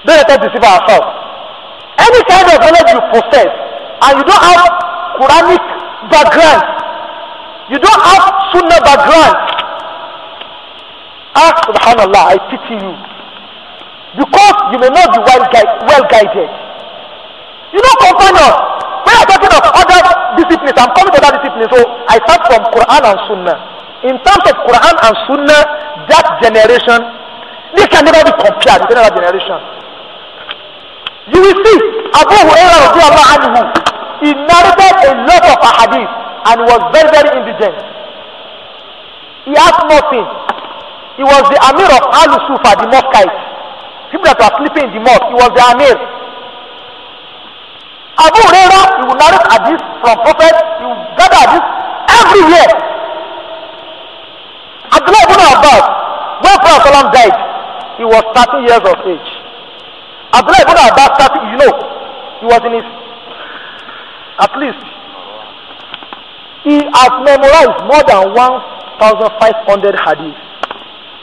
Don't let us deceive ourselves. Any kind of knowledge you possess and you don't have Quranic background, you don't have Sunnah background, ah, subhanallah, I pity you. Because you may not be well, guided. You know, companions, we are talking of other disciplines i'm coming to that discipline so i start from quran and sunnah in terms of quran and sunnah that generation they can never be compared with another generation you will see abu hurairah radiyallahu anhu he narrated a lot of hadith and was very very indigent he had nothing he was the amir of al-sufa the mosque people that were sleeping in the mosque he was the amir Abu Huraira, he would narrate hadith from prophet would gather hadith everywhere Abdullah ibn Abbas when Prophet died he was thirty years of age Abdullah ibn Abbas thirty you know he was in his at least he has memorized more than one thousand five hundred hadith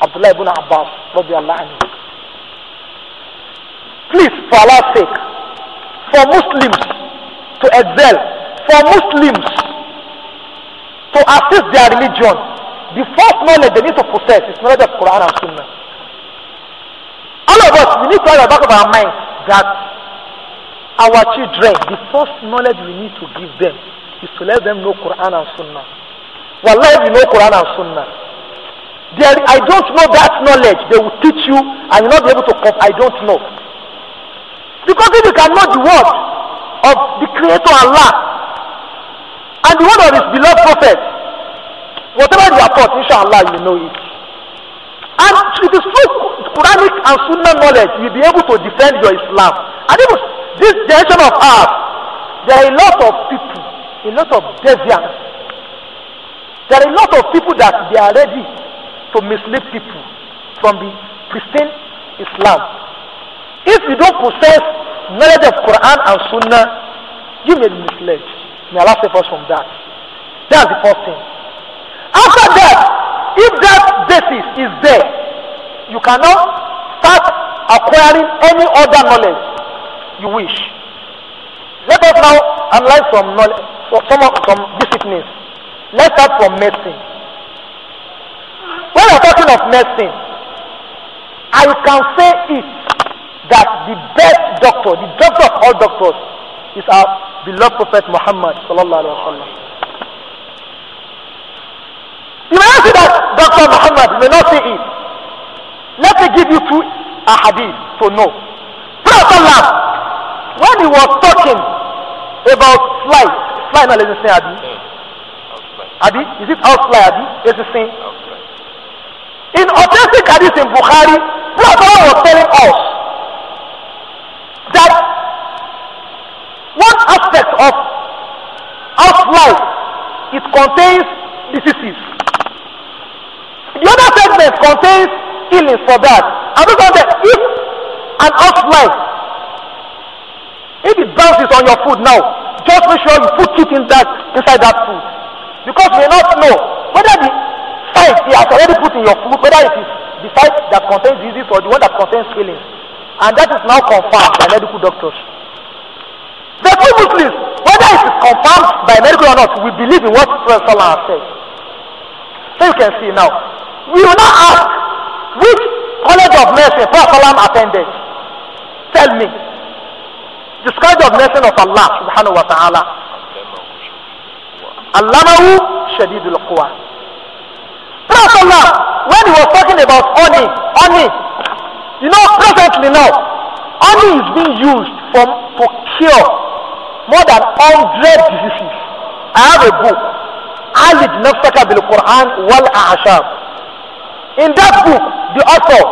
Abdullah ibn Abbas radiallahu anhu please for Allah's sake for Muslims to excel, for Muslims to assist their religion, the first knowledge they need to possess is knowledge of Quran and Sunnah. All of us, we need to have the back of our mind that our children, the first knowledge we need to give them is to let them know Quran and Sunnah. Wallahi, we know Quran and Sunnah. There, I don't know that knowledge they will teach you and you not be able to come. I don't know. Because if you cannot the word of the Creator Allah and the word of His beloved Prophet, whatever they are taught, inshallah, you know it. And with the through Quranic and Sunnah knowledge you'll be able to defend your Islam. And even this generation of ours, there are a lot of people, a lot of deviants. There are a lot of people that they are ready to mislead people from the pristine Islam. If you don't possess knowledge of Quran and Sunnah, you may be misled. May Allah save us from that. That's the first thing. After that, if that basis is there, you cannot start acquiring any other knowledge you wish. Let us now analyze some knowledge, some, some disciplines. Let's start from medicine. When we are talking of medicine, I can say it that the best doctor, the doctor of all doctors, is our beloved Prophet Muhammad sallallahu alaihi wasallam. You may not see that Dr. Muhammad, you may not see it. Let me give you two a hadith to know. Prophet when he was talking about fly, fly now let's say Adi. Hmm. Adi, is it outfly Adi? it say. In authentic hadith in Bukhari, Prophet was telling us that one aspect of of life it contains diseases the other segment contains healing. for that and those are the if an off life if it bounces on your food now just make sure you put it in that inside that food because we not know whether the site he has already put in your food whether it is the site that contains disease or the one that contains healing and that is now confirmed by medical doctors. The true Muslims, whether it is confirmed by medical or not, we believe in what Prophet has said. So you can see now. We will now ask which college of nursing Prophet attended. Tell me. This college of nursing of Allah subhanahu wa ta'ala. Allamahu Shadidul Quwa. Prophet when he was talking about honey, honey, You know, presently now, honey is being used for, to cure more than hundred diseases. I have a book, Alid Nafsaka bil Quran wal Ahasham. In that book, the author,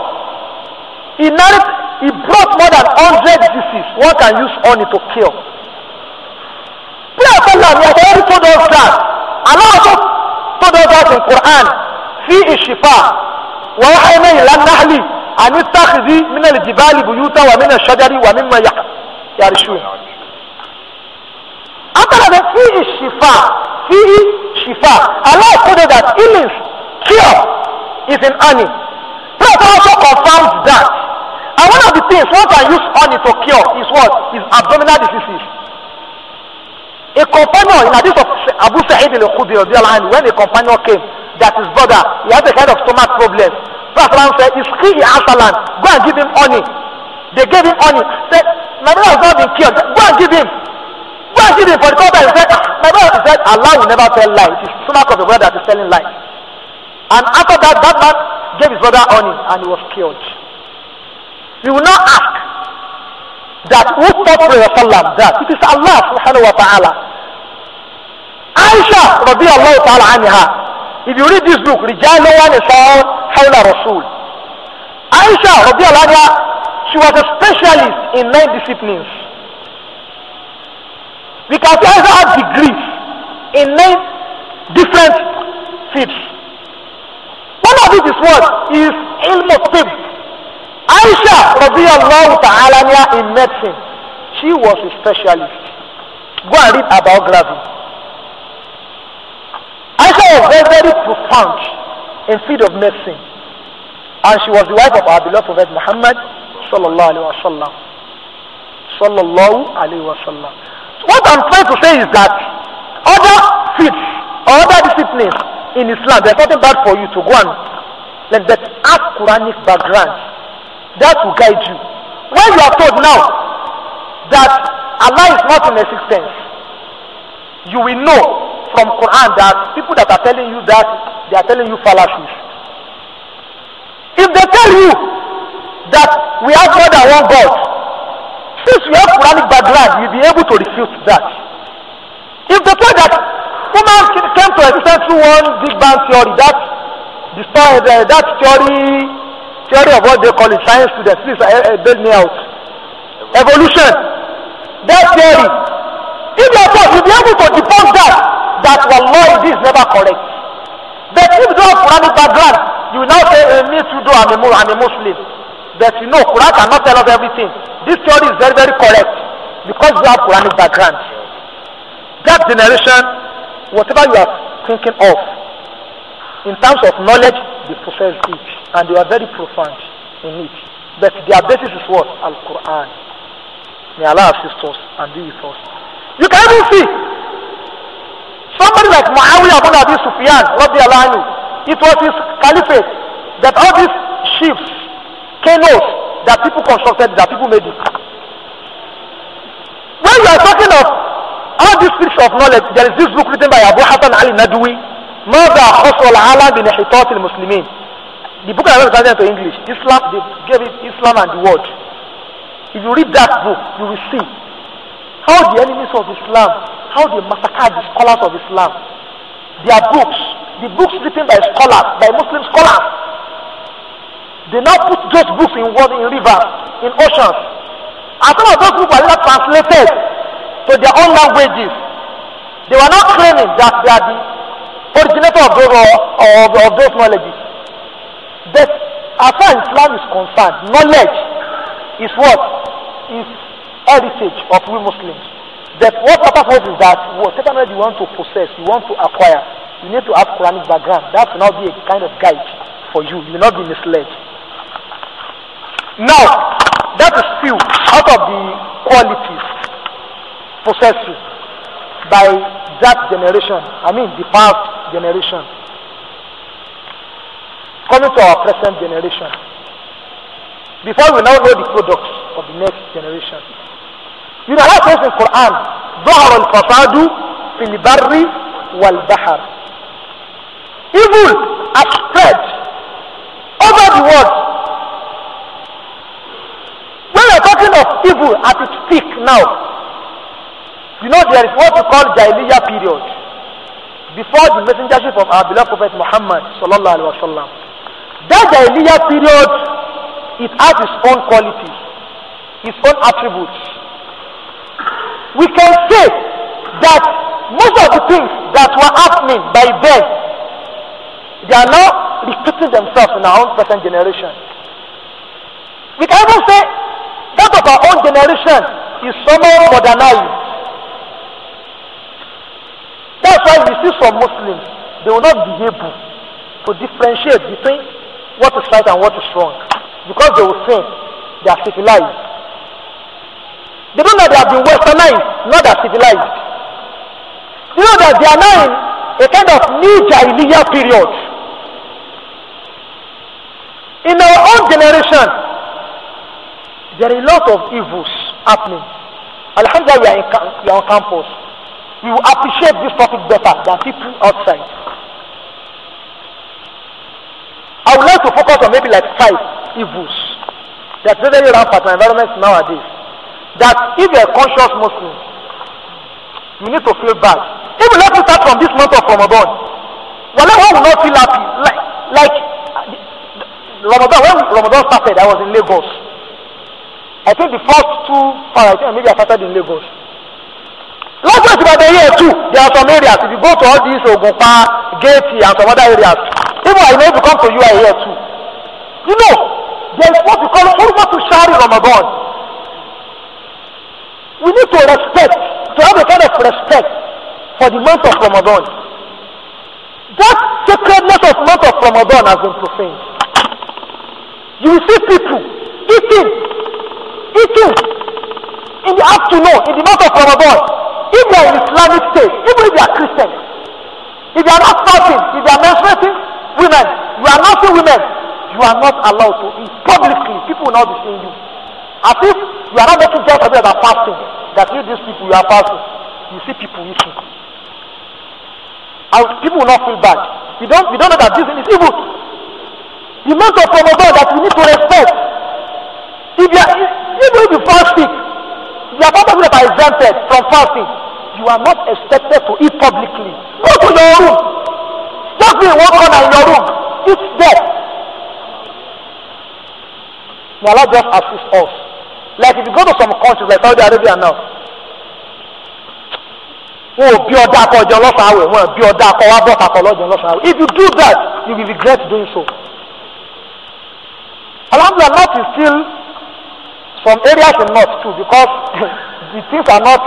he, narrated, he brought more than hundred diseases one can use honey to cure. Prophet Allah, he has already told us that. Allah also told us that in Quran. fi في الشفاء ووحينا إلى النحل àní táxìdì mínàlì jìbáàlì bùyútà wà mínà ṣájárì wà mímọ yàrìṣù. after that fihi shifa fihi shifa Allah told that illness cure is in honey. Prophet also confirmed that and one of the things one can use honey to cure is what is abdominal diseases. A companion in hadith of Abu Sa'id al-Khudri when a companion came that his brother he had a kind of stomach problem Prophet said, Iskihi Asalan, go and give him honey. They gave him honey. Said, My brother has not been killed. Go and give him. Go and give him for the prophet. He said, My brother said, Allah will never tell lies. It is sooner of the brother that is telling lies. And after that, that man gave his brother honey and he was killed. You will not ask that who taught prayer Prophet that it is Allah subhanahu wa ta'ala. Aisha radiallahu ta'ala anha If you read this book, Rijal no one is all Hawla Rasul. Aisha radiallahu anha, she was a specialist in nine disciplines. We can see Aisha had degrees in nine different fields. One of it is what? Is ilm of tib. Aisha radiallahu ta'ala anha in medicine. She was a specialist. Go and read her biography. I was very, very profound in field of nursing, And she was the wife of our beloved Prophet Muhammad sallallahu alayhi wa sallam. Sallallahu alayhi wa sallam. So what I'm trying to say is that other fields or other disciplines in Islam, there's nothing bad for you to go and learn, but have Quranic background. That will guide you. When you are told now that Allah is not in existence, you will know from Quran that people that are telling you that they are telling you fallacies. If they tell you that we have more than one God, since you have Quranic background, you'll be able to refute that. If they tell that woman came to existence through one Big Bang theory, that the story, uh, that theory, theory of what they call it, science students, please uh, uh, bail me out. Evolution. That theory. If you are taught, you'll be able to debunk that that wallahi this is never correct. But if you don't have Quranic background, you now say, eh, me too though I'm a, Muslim. But you know, Quran cannot tell us everything. This story is very, very correct because you have Quranic background. That generation, whatever you are thinking of, in terms of knowledge, they possess it and they are very profound in it. But their basis is what? Al Quran. May Allah assist us and be with us. You can even see Somebody like Muawiyah ibn Abi Sufyan, radiallahu anhu, it was his caliphate that all these ships, canoes that people constructed, that people made it. When you are talking of all these books of knowledge, there is this book written by Abu Hassan Ali Nadwi, ماذا خص العالم من حيطات المسلمين The book I read translated into English, Islam, they gave it Islam and the world. If you read that book, you will see how the enemies of Islam, how they massacre the scholars of Islam, their books, the books written by scholars, by Muslim scholars. They now put those books in water, in rivers, in oceans. And some of those books were later translated to their own languages. They were not claiming that they are the originator of those, or, of, of those knowledge. But as far as Islam is concerned, knowledge is what? Is heritage of we Muslims. That what Papa says is that whatever you want to possess, you want to acquire, you need to have Quranic background. That will now be a kind of guide for you. You will not be misled. Now, that is few out of the qualities possessed by that generation. I mean, the past generation. Coming to our present generation. Before we now know the products of the next generation nínú aláàtọ̀sìn Qur'an zahara al-fasadu fil barri wal bahr evil has spread over the world when we are talking of evil at its peak now you know there is what we call jahiliya period before the messengership of our beloved prophet muhammad sallallahu alaihi wasallam that jahiliya period it has its own qualities its own attributes we can say that most of the things that were happening by then, they are now repeating themselves in our own present generation. We can even say that of our own generation is somehow modernized. That's why we see some Muslims, they will not be able to differentiate between what is right and what is wrong. Because they will think they are civilized. They don't know they have been westernized, not as civilized. You know that they are now in a kind of new Jahiliyyah period. In our own generation, there are a lot of evils happening. Alhamdulillah, we are, in, we are on campus. We will appreciate this topic better than people outside. I would like to focus on maybe like five evils that very rampant in environment nowadays that if you're a conscious Muslim, you need to feel bad. Even let me start from this month of Ramadan. Well, one will not feel happy. Like, like Ramadan, when Ramadan started, I was in Lagos. I think the first two, I think maybe I started in Lagos. Last year, about the year too, there are some areas. If you go to all these Ogunpa, Geti, and some other areas, even I know if you come to UI here too. You know, there is what you call Urfa to Shari Ramadan you need to respect to have a kind of respect for the month of Ramadan that sacredness of month of Ramadan has been profaned you will see people eating eating in the afternoon in the month of Ramadan if they are Islamic state even if they are Christian if they are not fasting if they are menstruating women you are not women you are not allowed to eat publicly people will not be seeing you as if You are not making just something about fasting. That you, these people, you are fasting. You see people eating. And people will not feel bad. You don't, you don't know that this is evil. The amount of Ramadan that we need to respect. If you are, even if you fast sick, you are not people that are exempted from fasting. You are not expected to eat publicly. Go to your room. Just be in one corner in your room. Eat there. May Allah just assist us. Like if you go to some countries like Saudi Arabia now, wọn ò bí ọdá akọ ọjọ́ ọlọ́sàn àwẹ̀ wọn ò bí ọdá akọ wá bọ́ọ̀tà akọ ọlọ́jọ́ ọlọ́sàn àwẹ̀. If you do that, you will regret doing so. Alhamdulillah, North is still some areas in North too because the things are not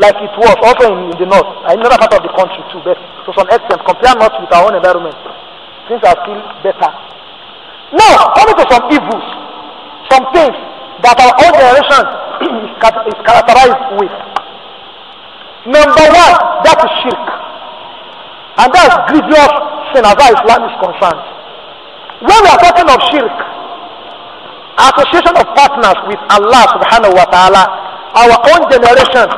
like it was also in, in the North, in another part of the country too, but to some extent, compare North with our own environment, things are still better. Now, coming to some evils, some things that our own generation is characterized with. Number one, that is shirk. And that is grievous sin as far as Islam is concerned. When we are talking of shirk, association of partners with Allah subhanahu wa ta'ala, our own generation,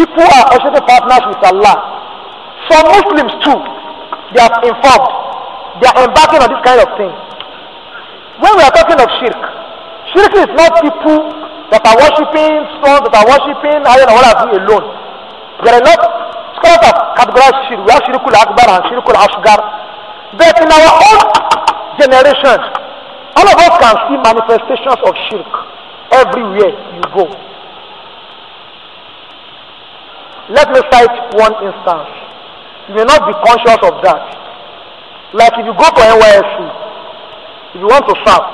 people are associating partners with Allah. Some Muslims too, they are informed. They are embarking on this kind of thing. When we are talking of shirk, Shirk is not people that are worshiping stones, that are worshiping iron or what have alone. There are not scholars that categorize shirk. We have shirkul akbar and shirkul Ashgar. But in our own generation, all of us can see manifestations of shirk everywhere you go. Let me cite one instance. You may not be conscious of that. Like if you go to NYSC, if you want to serve,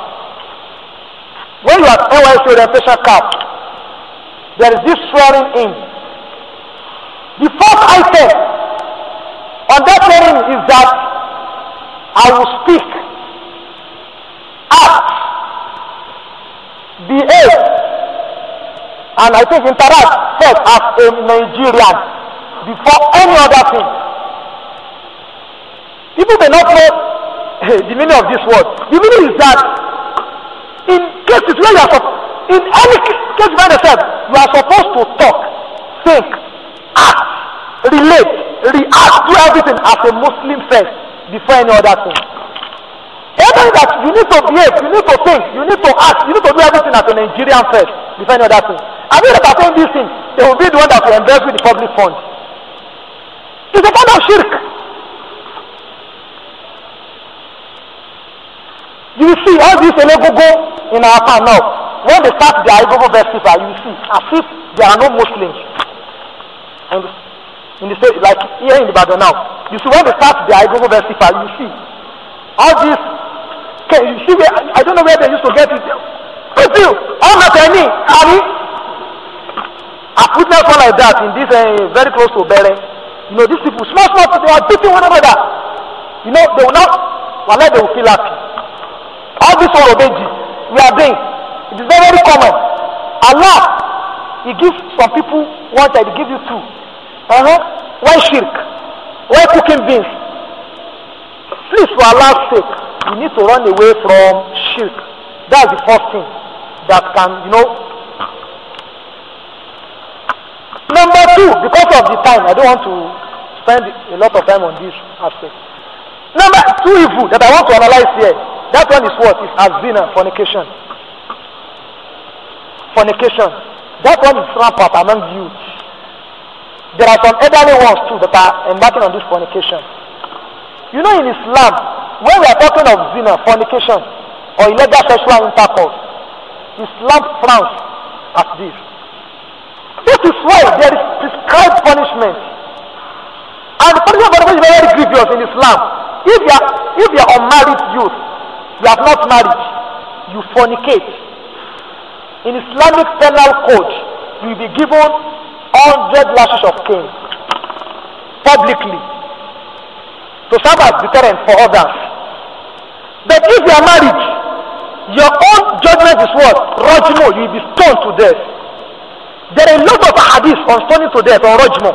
when you have NYSC orientation card there is this swearing in the fourth item on that swearing is that I will speak act behave and I think interact first as a Nigerian before any other thing people may not know the meaning of this word the meaning is that in cases where you are in any case you find yourself you are supposed to talk think act relate react do everything as a muslim first before any other thing everything that you need to behave you need to think you need to act you need to do everything as a nigerian first before any other thing i mean if i say this thing they will be the one that will embrace with the public fund it's a kind of shirk you see all this elegogo in our town now when they start their Igbo festival you see as if there are no Muslims And in the state like here in Ibadan now you see when they start their Igbo festival you see all this. okay you see where I don't know where they used to get it Brazil all that I mean I mean I put my phone like that in this uh, very close to Bere you know these people small small people they are beating one another you know they will not wàhálà they will feel happy all this one obeji We are doing. It is very, very common. Allah, He gives some people one child, He gives you two. Uh-huh. Why shirk? Why cooking beans? Please, for Allah's sake, you need to run away from shirk. That's the first thing that can, you know. Number two, because of the time, I don't want to spend a lot of time on this aspect. Number two evil that I want to analyze here That one is what? Is azina, fornication. Fornication. That one is rampant among youth. There are some elderly ones too that are embarking on this fornication. You know, in Islam, when we are talking of zina, fornication, or illegal sexual intercourse, Islam frowns at this. That is why there is prescribed punishment. And the punishment for is very grievous in Islam. If you are, if you are unmarried youth, you have not married you fornicate in Islamic penal code you will be given hundred lashes of cane publicly to serve as deterrent for others but if you are married your own judgment is what rajmo, you will be stoned to death there are a lot of hadiths on stoning to death on rajmo.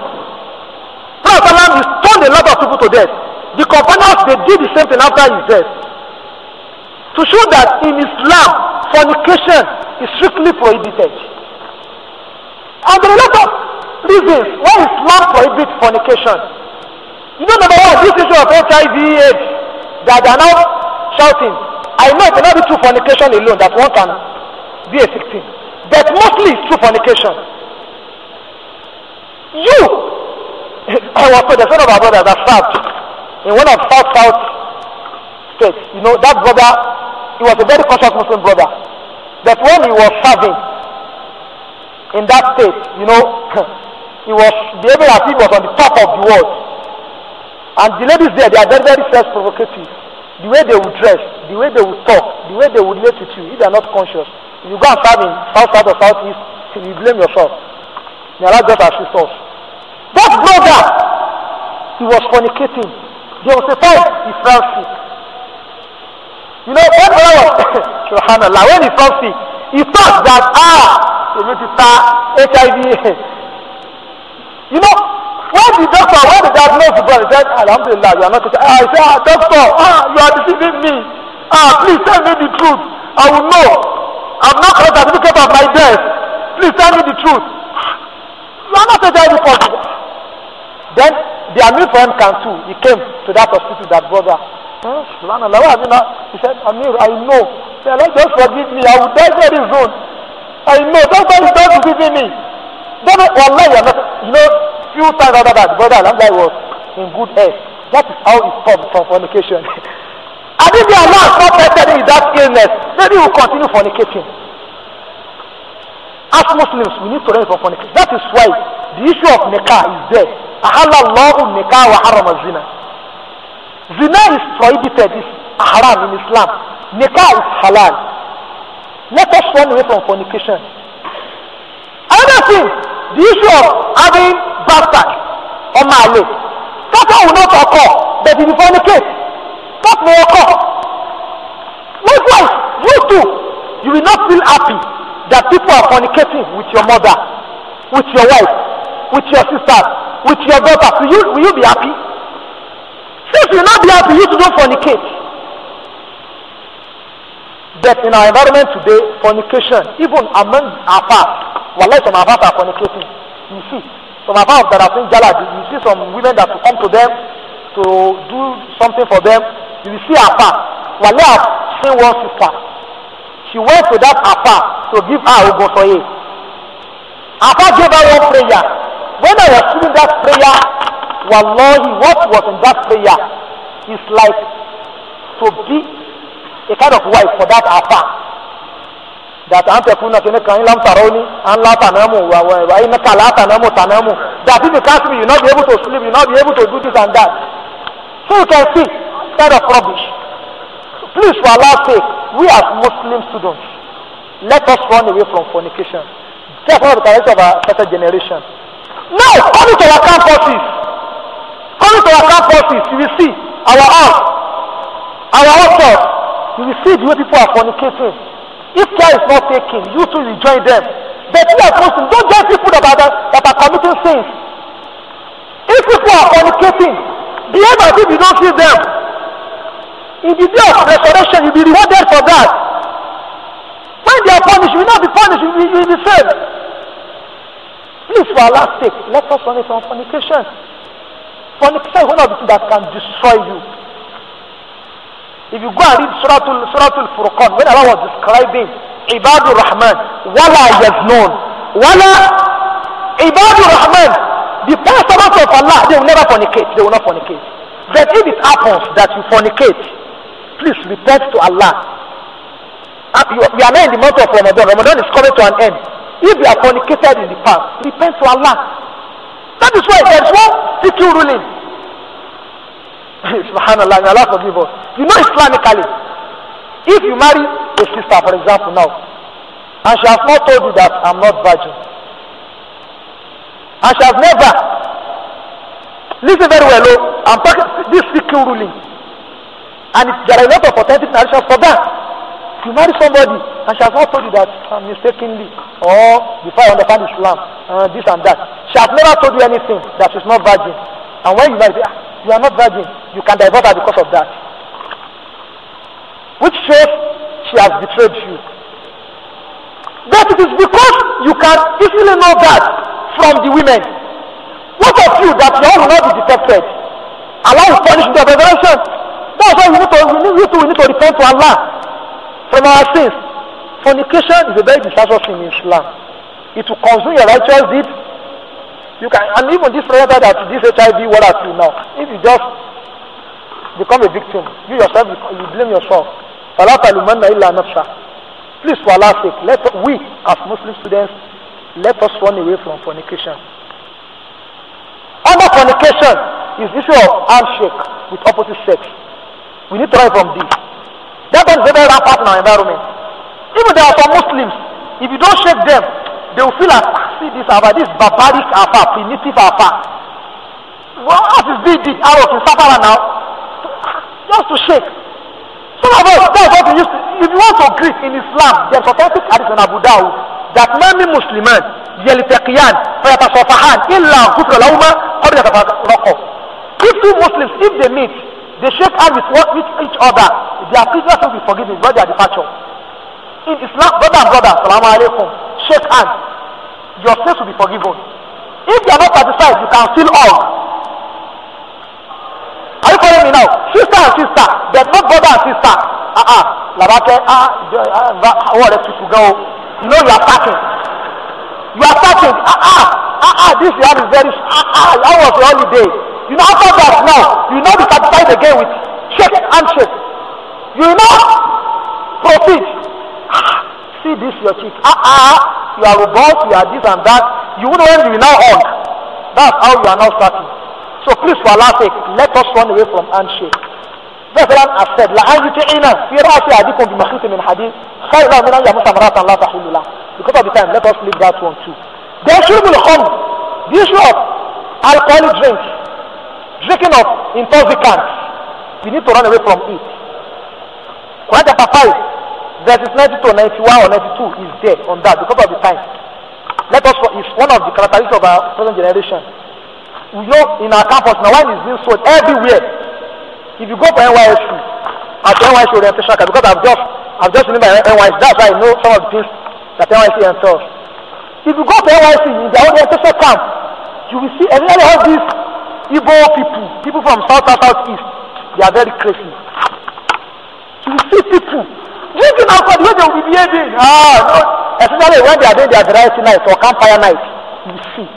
prophet salam he stoned a lot of people to death the companions they did the same thing after his death to show that in Islam fornication is strictly prohibited. And there are a lot of reasons why Islam prohibits fornication. You know, number one, this issue of HIV AIDS that they are now shouting. I know it may not be true fornication alone that one can be a victim, but mostly it's true fornication. You, I was told, the son of our brother that served in one of South South case. You know, that brother, he was a very conscious Muslim brother. But when he was serving in that state, you know, he was behaving as if he was on the top of the world. And the ladies there, they are very, very self provocative. The way they would dress, the way they would talk, the way they would relate with you, if they are not conscious. If you go and serve in South South or South Southeast, you blame yourself. May Allah just assist us. That brother, he was fornicating. There was a time he fell sick you know when Allah was subhanallah when he saw sick he thought that ah èmi ti start HIV you know when the doctor when the diagnose the brother said alhamdulillah you are not taking ah he say ah doctor ah you are deceiving me ah please tell me the truth I will know I am not correct certificate of my death please tell me the truth you are not HIV positive then their new friend can too he came to that hospital that brother Eh, Subhanallah, I he said, Amir, I know. Say, Allah, just forgive me. I will die for this zone. I know. That's why he's not forgiving me. Then, Wallahi, I'm you know, few times after that, brother Alhamdulillah was in good health. That is how it comes from fornication. I think the Allah has not tested with that illness. Maybe he will continue fornicating. As Muslims, we need to learn from fornication. That is why the issue of nikah is there. أحل الله النكاح وحرم الزنا zina is prohibited is haram in Islam nikah is halal let us run away from fornication another thing the issue of having bastard or maale that one will not occur but if you fornicate that may occur likewise you too you will not feel happy that people are fornicating with your mother with your wife with your sister with your daughter will you will you be happy. This will not be happy, you to do fornicate. But in our environment today, fornication, even among Afar, well, like some Afar are fornicating. You see, some of our Afar that have been jalad, you see some women that will come to them to do something for them. You see our well, I have seen one sister. She went to that Afar to give her Our Afar gave her one prayer. When I was doing that prayer, wallahi what was in that prayer is like to be a kind of wife for that afa that an tẹkun na kini kan ilam taroni an la tanamu wa wa wa ayi naka tanamu tanamu that if you can't me, you no be able to sleep you no be able to do this and that so you can see kind of rubbish please for Allah sake we as Muslim students let us run away from fornication that's one of the characteristics of our second generation now coming to our campuses Coming to our campuses, you will see our house, our hostels, you will see the way people are fornicating. If care is not taken, you too will join them. But we as Muslims, don't join people that are, that are committing sins. If people are fornicating, behave as if you don't see them. In the day of resurrection, you'll be rewarded for that. When they are punished, you will not be punished, you will be saved. Please, for our last sake, let us punish on fornication understand one of the things that can destroy you. If you go and read Suratul, Suratul Furqan, when Allah was describing Ibadur Rahman, Wala Yaznun, Wala Ibadur Rahman, the servants of Allah, they will never fornicate, they will not fornicate. But if it happens that you fornicate, please repent to Allah. We are now in the month of Ramadan. Ramadan is coming to an end. If you are fornicated in the past, repent to Allah. That is why there is one CQ ruling. Subhanallah, may Allah forgive us. You know Islamically, if you marry a sister, for example, now, and she has not told you that I'm not virgin, and she has never, listen very well, oh, I'm talking this CQ ruling, and there are a lot of authentic narrations for that you marry somebody and she has not told you that uh, mistakenly or before I understand Islam uh, this and that she has never told you anything that she's not virgin and when you marry ah, you are not virgin you can divorce her because of that which shows she has betrayed you But it is because you can easily know that from the women what of you that you will not be detected Allah will punish the revelation that's why we need to we need, we need to, we need to repent to Allah from our sins. Fornication is a very disastrous thing in Islam. It will consume your righteous deeds. You can, and even this brother that this HIV, what are you now? If you just become a victim, you yourself, you blame yourself. Please, for Allah's sake, let we as Muslim students let us run away from fornication. Under fornication is issue of handshake with opposite sex. We need to run from this. That one is a very rampant in our environment. Even there are some Muslims, if you don't shake them, they will feel like, ah, see this our, this barbaric Abba, primitive Abba. Well, as is being did out of Safara now, ah, just to shake. Some of us, that's what we used to, if you want to greet in Islam, there's authentic hadith in Abu Dawud that many Muslims يلتقيان فيتصافحان إلا كفر لهما قبل تفرقه. If two Muslims, if they meet, They shake hands with, with each other. Their prisoners will be forgiven by their departure. In Islam, brother and brother, salamu alaykum, shake hands. Your sins will be forgiven. If they are not satisfied, you can still hug. Are you following me now? Sister and sister, but not brother and sister. Ah uh ah, -uh. Labake, ah, uh, what else to go? You know you are packing. You are packing. Ah ah, ah ah, this yard is very, ah ah, how was your holiday? You know, after that now, you now be satisfied again with check and check. You know, proceed. Ah, see this your cheek. Ah ah, you are robust, you are this and that. You know when you now on. That's how you are now starting. So please for Allah's sake, let us run away from handshake. مثلا السد لعن يطيعنا في رأس أحدكم بمخيط من حديد خير له من أن يمس la لا تحل له because of the time let us leave that one too. The issue of the issue of alcoholic drink drinking of intoxicants we need to run away from it Quran chapter five verses ninety to ninety one or ninety two is there on that because of the time let us is one of the characteristics of our present generation we know in our campus now. wine is being sold everywhere if you go to NYSC at NYSC orientation camp because I've just I've just been by NYSC that's why I know some of the things that NYSC entails if you go to NYSC in their orientation camp you will see a lot of these Igbo people, people from south South East, they are very crazy. You see people drinking alcohol the way they will be behaving. Ah, no. Especially when they are doing their variety night or campfire night. You see.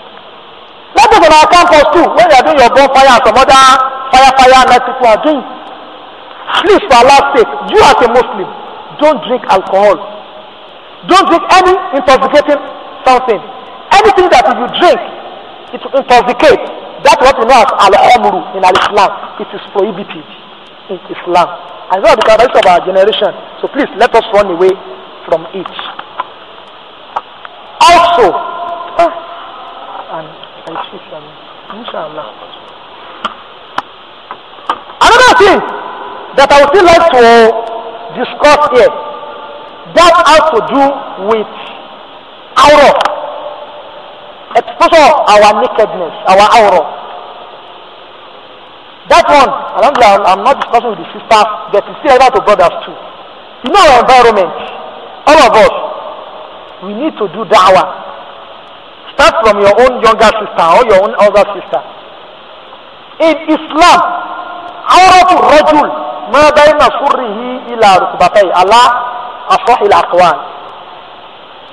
That is on our campus too, when they are doing your bonfire and some other fire fire night people are doing. Please, for Allah's sake, you as a Muslim, don't drink alcohol. Don't drink any intoxicating something. Anything that you drink it will intoxicate. That's what we know as al-amru in islam It is prohibited in Islam. And these are the of our generation. So please let us run away from it. Also, ah, Another thing that I would still like to discuss here, that has to do with our exposure our nakedness, our aura. That one, alhamdulillah, I'm not discussing with the sister, but it's still about to brothers too. In our environment, all of us, we need to do da'wah. Start from your own younger sister or your own older sister. In Islam, عورة الرجل ما بين surrihi ila ركبتيه على أصح الأقوال.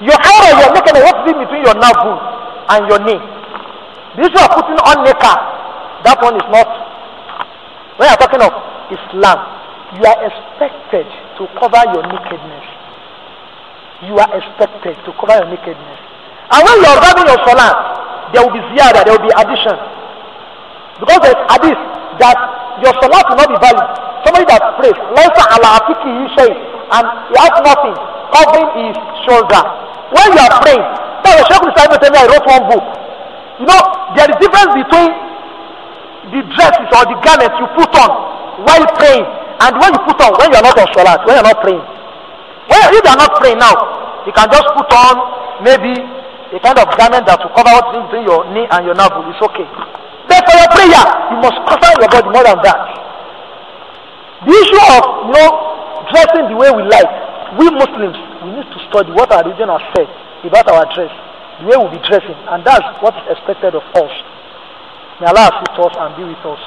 Your aura, your nakedness, what's in between your navel and your name. The issue of putting on niqab, that one is not. When you're talking of Islam, you are expected to cover your nakedness. You are expected to cover your nakedness. And when you're observing your salah, there will be ziyada, there will be addition. Because there's hadith that your salah will not be valid. Somebody that prays, Laysa ala atiki and he has nothing covering his shoulder. When you are praying, That was Sheikh Islam Ibn I wrote one book. You know, there is difference between the dresses or the garments you put on while praying and when you put on when you are not on Salat, when you are not praying. When you are not praying now, you can just put on maybe a kind of garment that will cover out between your knee and your navel. It's okay. Then for your prayer, you must cover your body more than that. The issue of you know dressing the way we like, we Muslims, we need to study what our religion has said about our dress, the way we'll be dressing, and that's what is expected of us. May Allah assist us and be with us.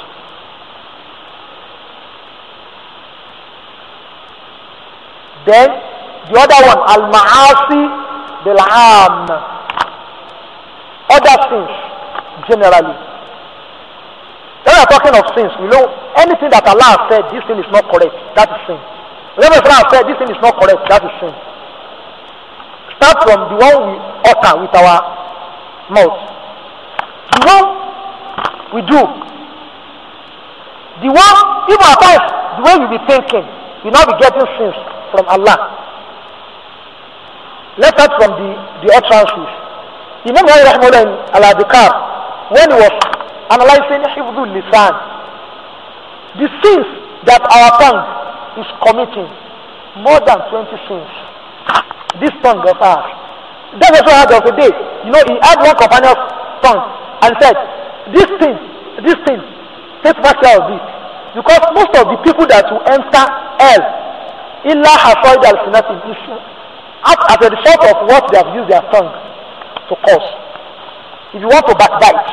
Then the other one, Al Ma'asi Bil Am. Other things, generally. When we are talking of sins, we know anything that Allah said, this thing is not correct, that is sin. When Allah said, this thing is not correct, that is sin start from the one we utter with our mouth, the one we do, the one even about the way we be thinking, we now be getting sins from Allah. Let's start from the the utterances. Imam Ali Rahmullah al Adikar, when he was analyzing Hibdul Lisan, the sins that our tongue is committing, more than twenty sins this tongue of ours. That's also how of the day. You know, he had one companion's tongue and said, This thing, this thing, take back care of this. Because most of the people that will enter hell, Illa Hafoid al Sinatim issue, as a result of what they have used their tongue to cause. If you want to backbite,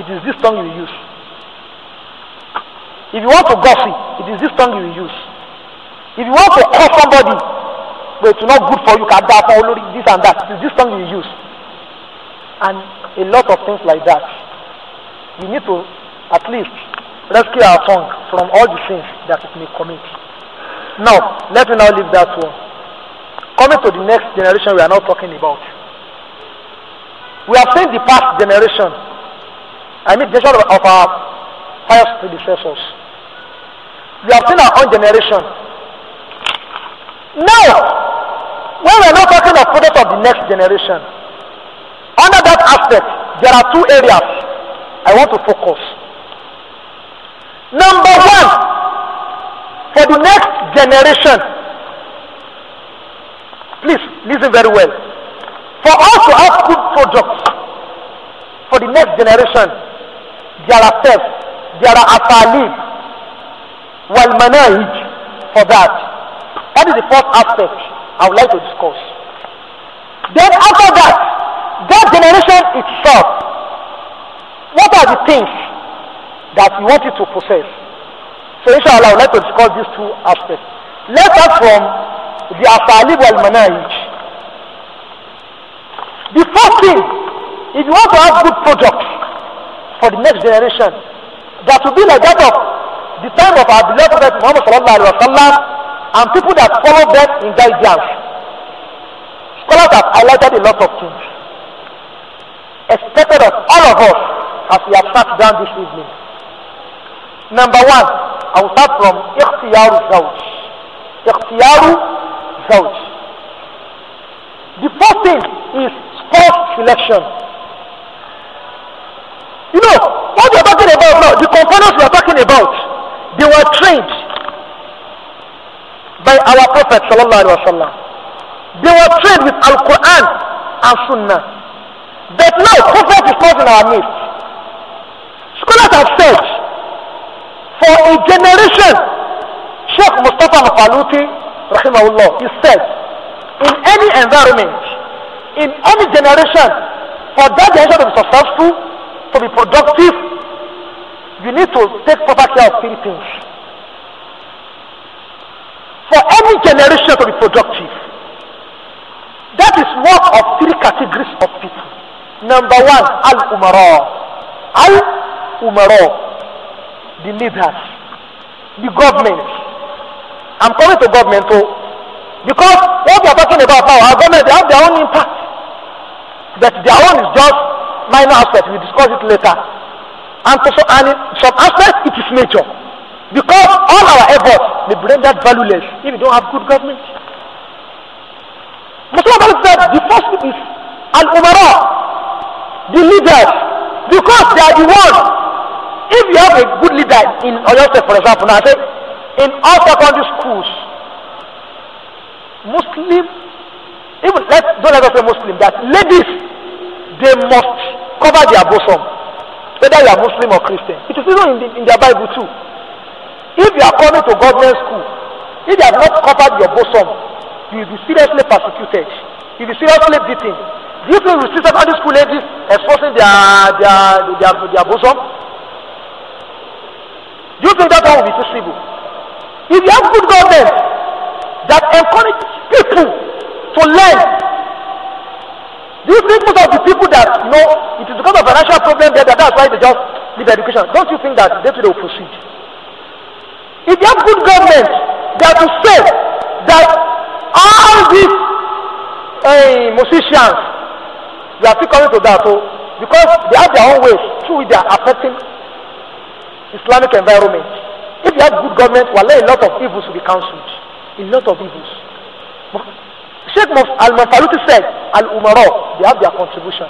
it is this tongue you use. If you want to gossip, it is this tongue you use. If you want to call somebody, but it's not good for you kàdá fún olórí this and that is this tongue you use and a lot of things like that we need to at least rescue our tongue from all the sins that it may commit now let me now leave that one coming to the next generation we are now talking about we have seen the past generation i mean generation of our first predecessors we have seen our own generation now when we are not talking of product of the next generation, under that aspect, there are two areas I want to focus. Number one, for the next generation, please listen very well. For us to have good products for the next generation, there are steps, there are asalib, wal manahij for that. That is the first aspect. I would like to discuss. Then after that, that generation itself, what are the things that you want it to possess? So inshallah, I would like to discuss these two aspects. Let us from the asalib wal manahij. The first thing, if you want to have good products for the next generation, that will be like that of the time of our beloved Prophet Muhammad sallallahu alaihi wasallam and people that follow them in guidance. Scholars have highlighted a lot of things expected of all of us as we have sat down this evening. Number one, I will start from Ikhtiyaru Zawj. Ikhtiyaru Zawj. The first thing is spouse selection. You know, what we are talking about now, the components we are talking about, they were trained by our prophet sallallahu alaihi wasallam. They were trained with Al Quran and Sunnah. But now prophet is not in our midst. Scholars have said for a generation, Sheikh Mustafa Mafaluti, rahimahullah, he said, in any environment, in any generation, for that generation to be successful, to be productive, you need to take proper care of three things for any generation to be productive. That is one of three categories of people. Number one, Al Umara. Al Umara, the leaders, the government. I'm coming to government too. Oh. Because what we are talking about now, our government, they have their own impact. That their own is just minor aspect. We discuss it later. And, so, and some aspects, it is nature because all our efforts may be rendered valueless if we don't have good government. Muslim said the first thing is an overall, the leaders, because they are the ones. If you have a good leader in Oyo State, for example, now I say in all secondary schools, Muslim, even let don't let us say Muslim, that ladies they must cover their bosom, whether you are Muslim or Christian. It is even in, the, in their Bible too. If you are coming to government school, if you have not covered your bosom, you will be seriously persecuted. You will be seriously beaten. Do you think we see secondary school ladies exposing their, their, their, their bosom? Do you think that one will be possible? If you have good government that encourage people to learn, do you think most of the people that you know it is because of financial problem there that that is why they just leave education? Don't you think that they will proceed? If you have good government, they will say that all these uh, musicians, they are still coming to that too, oh, because they have their own ways through which they are affecting Islamic environment. If you have good government, well, a lot of evils to be cancelled. A lot of evils. But Sheikh Al-Mafaluti said, al Umaro, they have their contribution.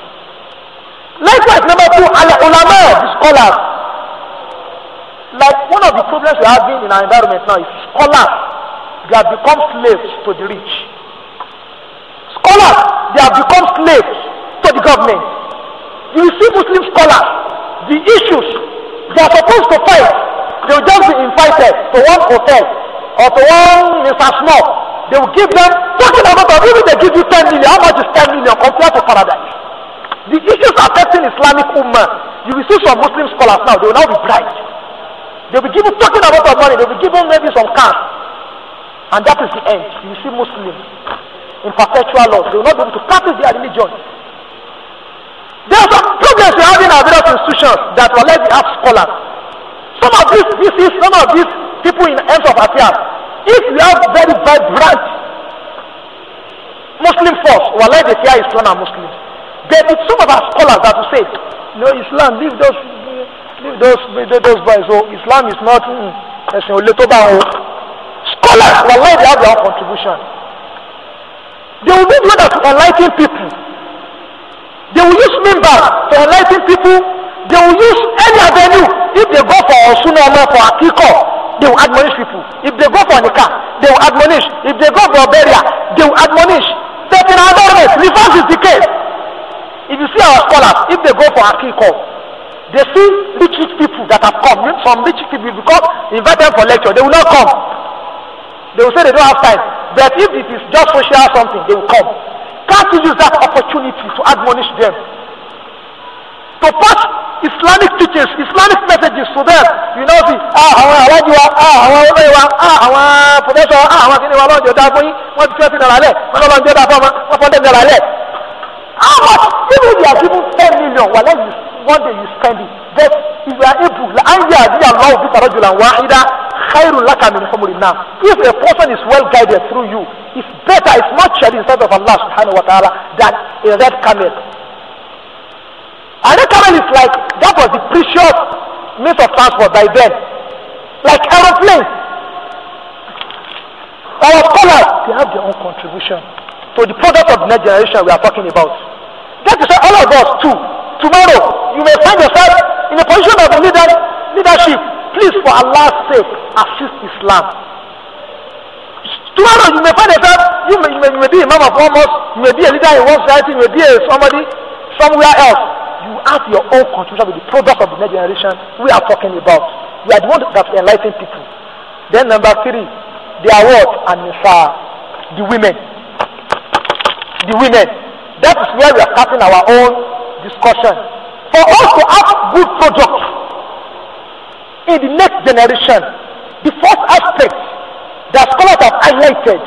Likewise, number two, Al-Ulama, the scholars, Like one of the problems we are having in our environment now is scholars. They have become slaves to the rich. Scholars, they have become slaves to the government. You see Muslim scholars, the issues they are supposed to fight, they will just be invited to one hotel or to one Mr. Small. They will give them, talking about, even they give you ten million, how much is ten million compared to paradise? The issues affecting Islamic Ummah, you will see some Muslim scholars now, they will now be bribed. They'll be given talking about our money. They'll be giving maybe some cash, and that is the end. You see Muslims in perpetual loss. They will not be able to practice their religion. There are some progress we have in our various institutions that will let the scholars. Some of these, this is some of these people in end of affairs. If you have very vibrant Muslim force, well, let the fear Islam and Muslims. There is some of our scholars that will say, no, Islam, leave those those those boys so Islam is not mm, ẹ̀sìn olè tó bá wọn scholars wallahi they have their own contribution they will need rather to enlighten people they will use members to enlighten people they will use any avenue if they go for osuna ọmọ for akiko they will admonish people if they go for nika they will admonish if they go for Beria, they will admonish in certain environment reverse is the case if you see our scholars if they go for akiko They see rich people that have come from rich people because invite them for lecture. They will not come. They will say they don't have time. But if it is just social something, they will come. Can't you use that opportunity to admonish them? To pass Islamic teachings, Islamic messages to them. You know, see, ah, àwọn àwájú ah, àwọn ọlọ́yẹ ah, àwọn pòfẹ́sọ̀, ah, àwọn akíní wa lọ́jọ́ dá ti tẹ́sí náírà lẹ̀, wọ́n lọ́jọ́ dá fún ọmọ, wọ́n fọ́n tẹ́sí náírà even if you are given ten million wàlẹ́ yìí one day you spend it just if you are able and you are bí aláwọ̀ bí sàrọ̀ jùlọ wà á ida khairun laka if a person is well guided through you it's better it's more cherished in front of Allah subhanahu wa ta'ala than a red camel and red camel is like that was the precious means of transport by then like aeroplane our scholars they have their own contribution to the product of the next generation we are talking about. That is all of us too. Tomorrow, you may find yourself in a position of leader, leadership. Please, for Allah's sake, assist Islam. Tomorrow, you may find yourself, you may, you may, you may be imam of one mosque, you may be a leader in one society, you may be a, somebody somewhere else. You have your own contribution with the product of the next generation we are talking about. We are the one that enlighten people. Then number three, they are what? And the women. The women. That is where we are starting our own discussion. For us to have good products in the next generation, the first aspect that scholars have highlighted,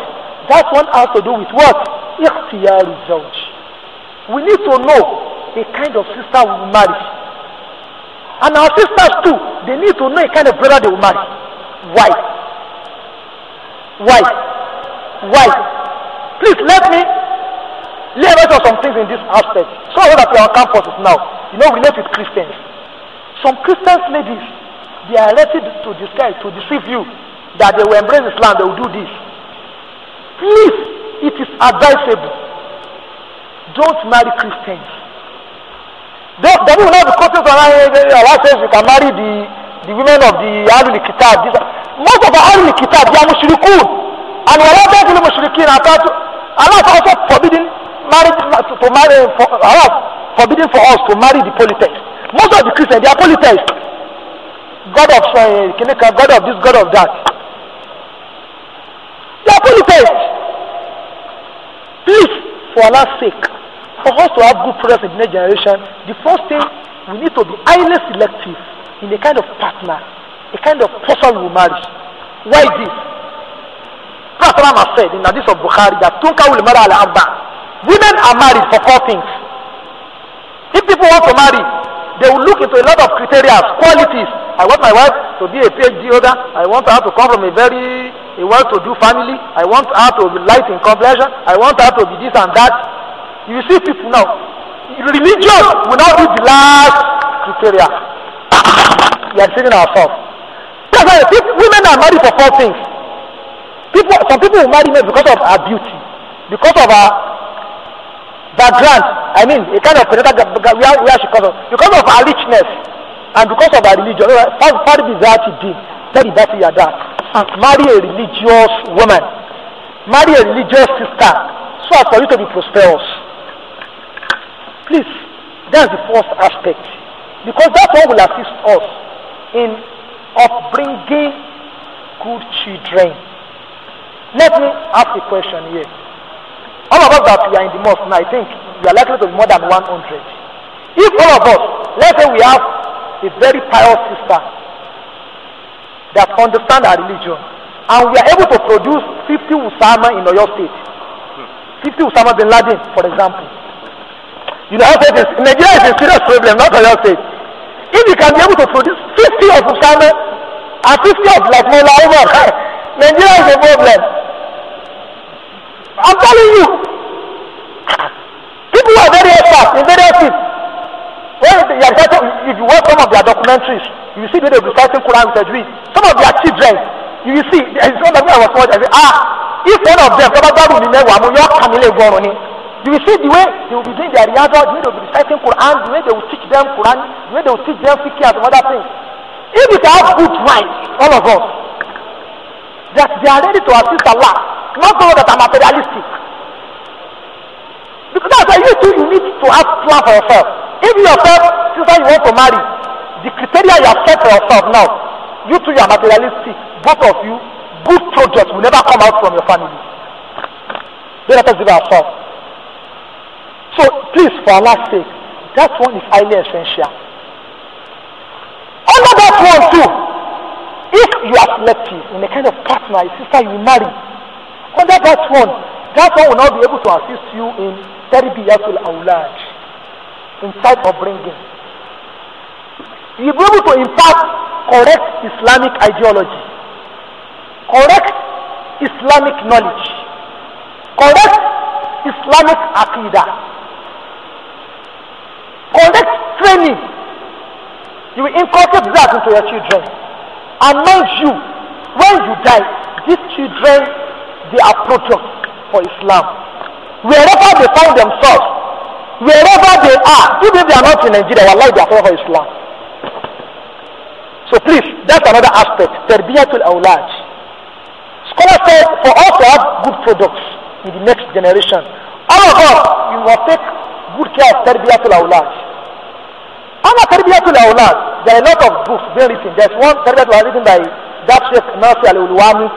that one has to do with what? Ikhtiyar result. We need to know the kind of sister we will marry. And our sisters too, they need to know the kind of brother they will marry. Why? Why? Why? Please let me Let us do some things in this aspect. So I know that our campus is now, you know, relate with Christians. Some Christians ladies, they are elected to disguise, to deceive you that they will embrace Islam, they will do this. Please, it is advisable. Don't marry Christians. They, they will have the questions around Allah says you can marry the, the women of the Ahlul Kitab. These most of the Ahlul Kitab, they are mushrikun. And Allah says to the mushrikeen, Allah is also forbidden married to marry for uh, forbidden for us to marry the polytheists most of the Christians they are polytheists god of eh, kinika uh, god of this god of that they are polytheists please for Allah's sake for us to have good progress in the next generation the first thing we need to be highly selective in the kind of partner the kind of person we marry why this Prophet Muhammad said in the hadith of Bukhari that tunka will marry al-arba' Women are married for four things. If people want to marry, they will look into a lot of criteria, qualities. I want my wife to be a PhD holder. I want her to come from a very a well-to-do family. I want her to be light in complexion. I want her to be this and that. You see people now. Religion will not be the last criteria. we are deceiving ourselves. That's why people, women are married for four things. People, some people will marry me because of her beauty, because of her background i mean a kind of political where where she come from because of her richness and because of her religion far far bizarre to dey tell the you are ah. that. marry a religious woman marry a religious sister so as for you to be prosperous please that's the first aspect because that one will assist us in upbringing good children let me ask a question here all of us that we are in the mosque now, I think we are likely to be more than 100. If all of us, let's say we have a very pious sister that understands our religion, and we are able to produce 50 Usama in Oyo State, 50 Usama bin Laden, for example. You know, how is, Nigeria is a serious problem, not Oyo State. If you can be able to produce 50 of Usama and 50 of Latmola, Omar, Nigeria is a problem. I'm telling you. People are very expert in various things. When they are reciting, if you watch some of their documentaries, you see they're reciting Quran with Tajweed. Some of their children, you see, it's not of I was watching, I say, ah, if one of them, Baba Babu Nimewa, Muyo Kamile Goroni, you will see the way they will be doing their riyadh, the way they will be reciting Quran, the way they will teach them Quran, the way they will teach them fiqh and some other things. If we have good minds, all of us, that they are ready to assist Allah, not so that I'm materialistic. Because that's why you too, you need to ask plan for yourself. If you yourself, sister, you want to marry, the criteria you have set for yourself now, you too, you are materialistic. Both of you, good projects will never come out from your family. They let us give ourselves. So please, for Allah's sake, that one is highly essential. Under that one too, if you are selective in the kind of partner a sister you marry under that one that one will not be able to assist you in terbiyatul awlad in type of bringing you will be able to impart correct islamic ideology correct islamic knowledge correct islamic akida correct training you will incorporate that into your children amongst you when you die these children they approach products for Islam wherever they find themselves wherever they are even if they are not in Nigeria wallahi they are for Islam so please that's another aspect terbiyatul awlad scholar said for us to have good products in the next generation all of us we must take good care of terbiyatul awlad to Tarbiyatul Awlad, there are a lot of books being written. There's one Tarbiyat was written by that Sheikh Nasir Al Ulwami.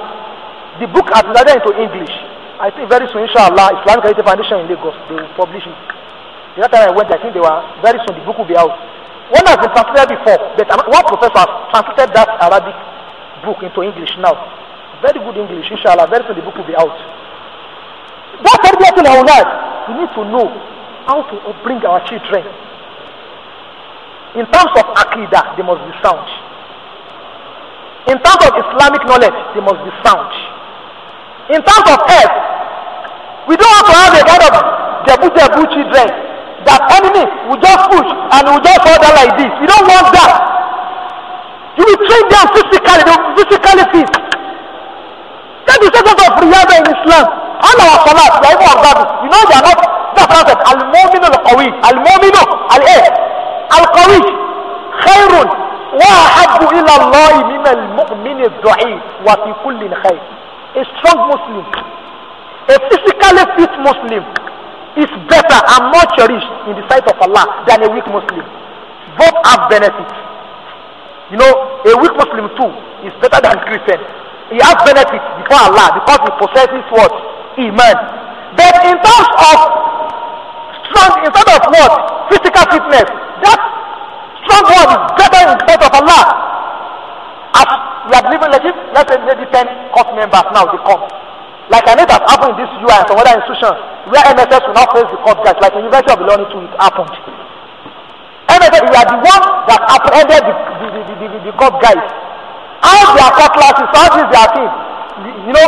The book has been into English. I think very soon, inshallah, Islamic Heritage Foundation in Lagos, they will publish it. The other time I went, I think they were, very soon the book will be out. One has been translated before, but one professor has translated that Arabic book into English now. Very good English, inshallah, very soon the book will be out. That Tarbiyatul Awlad, we need to know how to bring our children In terms of akida, they must be sound. In terms of Islamic knowledge, they must be sound. In terms of health, we don't want to have a kind of Jebu Jebu children that enemy will just push and will just order like this. We don't want that. You will train them physically, they will physically fit. Then is the sense of Riyadh in Islam. All our salat, we are even observing. You know they are not the process. Al-Mu'minu al-Qawi, Al-Mu'minu al eh alqawi khairun wa ahabu ila Allah min al-mu'min ad-da'if wa fi kulli khair a strong muslim a physically fit muslim is better and more cherished in the sight of Allah than a weak muslim both have benefits you know a weak muslim too is better than christian he has benefits before Allah because he possesses what iman but in terms of strong instead of what? Physical fitness. That strong one is better in the of Allah. As we are living, let's, let's say maybe 10 court members now, they come. Like I know that happened in this UI and some other institutions where MSS will not face the court guys, like University of Illinois too, it happened. MSS, we are the ones that apprehended the, the, the, the, the, court guys. How their court classes, how is their team? You, you know,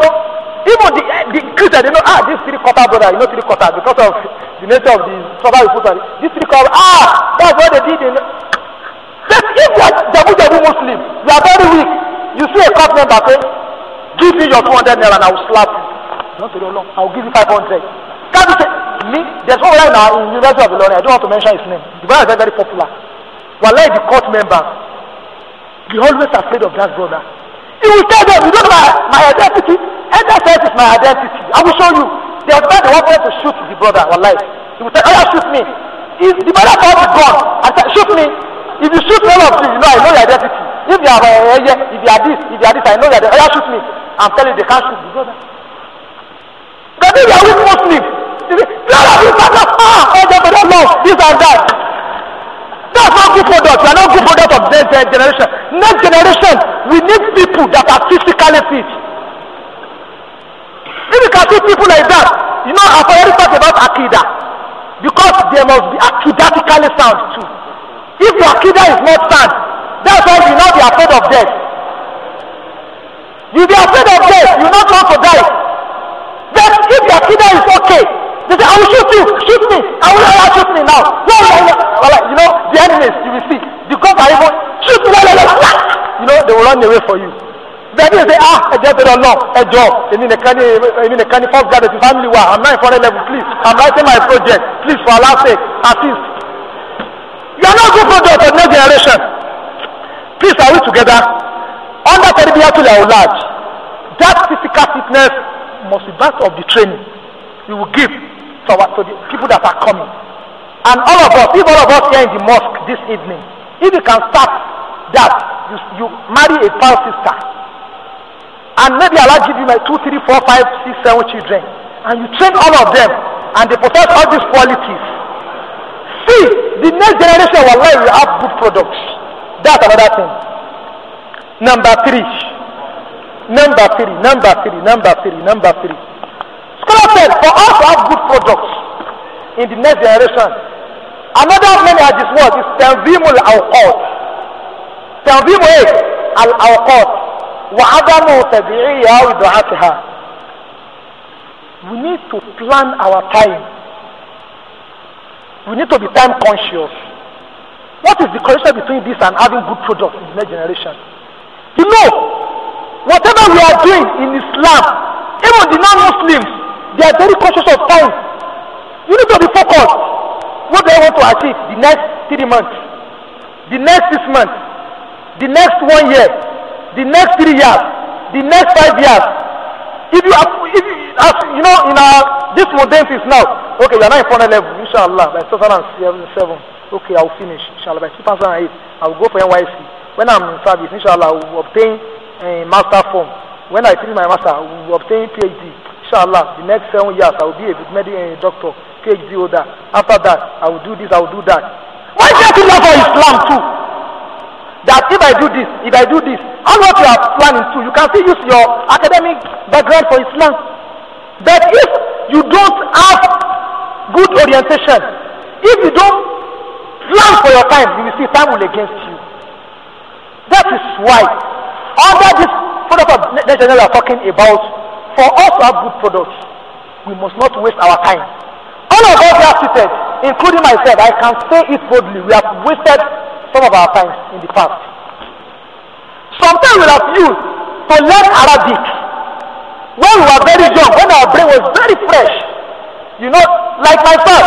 even the eh, the Christian they know ah this three quarter brother you know three quarter because of the nature of the trouble we put on this three quarter ah that's what they did in then if you are jabu jabu Muslim you are very weak you see a court member say give me your two hundred naira and I will slap you you want to no I will give you five hundred can't you say me there's one guy now in University of Ilorin I don't want to mention his name the brother is very very popular wallahi the court member he always afraid of that brother. You will tell them, you don't know my, my identity. NSS is my identity. I will show you. The was man that wanted to shoot the brother, life. He will say, oh yeah, shoot me. If the brother called the gun and said, shoot me. If you shoot all of you, you know I know your identity. If you are, uh, yeah, if you are this, if you are this, I know your identity. Oh shoot me. I'm telling you, they can't shoot the brother. Because if you are weak Muslim, you say, no, no, this is not, ah, oh, no, no, this and that. That's not good product. We are not good product of next generation. Next generation, we need people that are physically fit. If you can see people like that, you know, I've already talked about Akida. Because there must be akidatically sound too. If your Akida is not sound, that's why you not be afraid of death. You be afraid of death, you not want to die. But if your Akida is okay, They say, I will shoot you, shoot me. I will not allow shoot me now. No, no, no. Well, like, you know, the enemies, you will see. The gods are even, shoot me, la, la, la, You know, they will run away for you. Then they say, ah, I ẹjẹ a lọ, ẹjọ, èmi nìkan ni a nìkan ni first grade to family wa, I'm not in foreign level, please, I'm writing my project, please for Allah's sake, at least. You are not good product of next generation. Please, are we together? Under the Tẹ̀lébíyàtú large, that physical fitness must be part of the training you will give to, our, to the people that are coming. And all of us, if all of us here in the mosque this evening, if you can start that, you, you marry a pal sister, and maybe Allah give you like two, three, four, five, six, seven children, and you train all of them, and they possess all these qualities. See, the next generation will learn will have good products. That's another thing. Number three. Number three, number three, number three, number three. Scholar said products in the next generation. Another many manhaj this word Is tanvimul awqat. Tanvimu is al-awqat. وعدم تبعيها وإضاعتها. We need to plan our time. We need to be time conscious. What is the connection between this and having good products in the next generation? You know, whatever we are doing in Islam, even the non-Muslims, they are very conscious of time. You need to be focused. What do I want to achieve the next three months, the next six months, the next one year, the next three years, the next five years? If you, have, if you, as you know, in our this modern is now. Okay, you are now in final level, inshallah. By seven. okay, I will finish. Inshallah, by I will go for NYC. When I am in service, inshallah, I will obtain a eh, master form. When I finish my master, I will obtain PhD. Inshallah, the next seven years, I will be a medical eh, doctor change the order. After that, I will do this, I will do that. Why is there that for Islam too? That if I do this, if I do this, and what you are planning too. you can still use your academic background for Islam. But if you don't have good orientation, if you don't plan for your time, you will see time will against you. That is why under this product of next generation we are talking about, for us to have good products, we must not waste our time. None of us have seated, including myself. I can say it boldly. We have wasted some of our time in the past. Sometimes we have used to learn Arabic when we were very young, when our brain was very fresh. You know, like myself,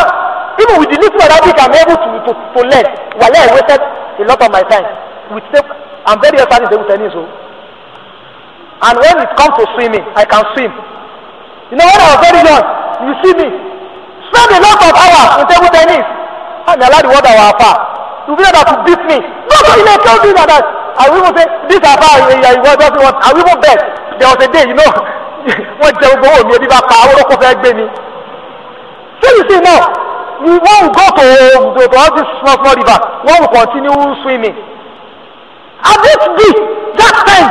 even with the little Arabic I'm able to, to, to learn, well, I wasted a lot of my time. With safe, I'm very excited with tennis. Oh. And when it comes to swimming, I can swim. You know, when I was very young, you see me, spend a lot of hours in table tennis and they allow the word our afa to be able to beat me nobody may tell me that that i will even say this afa i will just want i will even bet there was a day you know wọ́n jẹ gbogbo owó ebi bá pa awolokò fẹ́ gbé mi so you see now we wan go to to to all these small small river wan we continue swimming and this this that time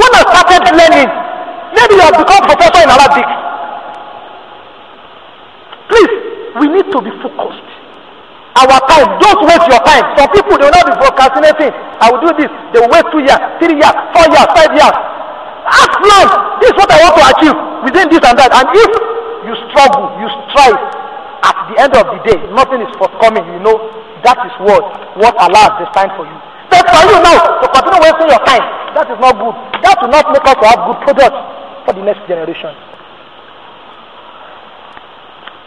when i started learning maybe i become professor in arabic Please, we need to be focused. Our time, don't waste your time. Some people, they will not be procrastinating. I will do this. They wait two years, three years, four years, five years. Ask plan. This is what I want to achieve within this and that. And if you struggle, you strive, at the end of the day, nothing is forthcoming. You know, that is what, what Allah has destined for you. But for you now to continue wasting your time, that is not good. That will not make us to have good products for the next generation.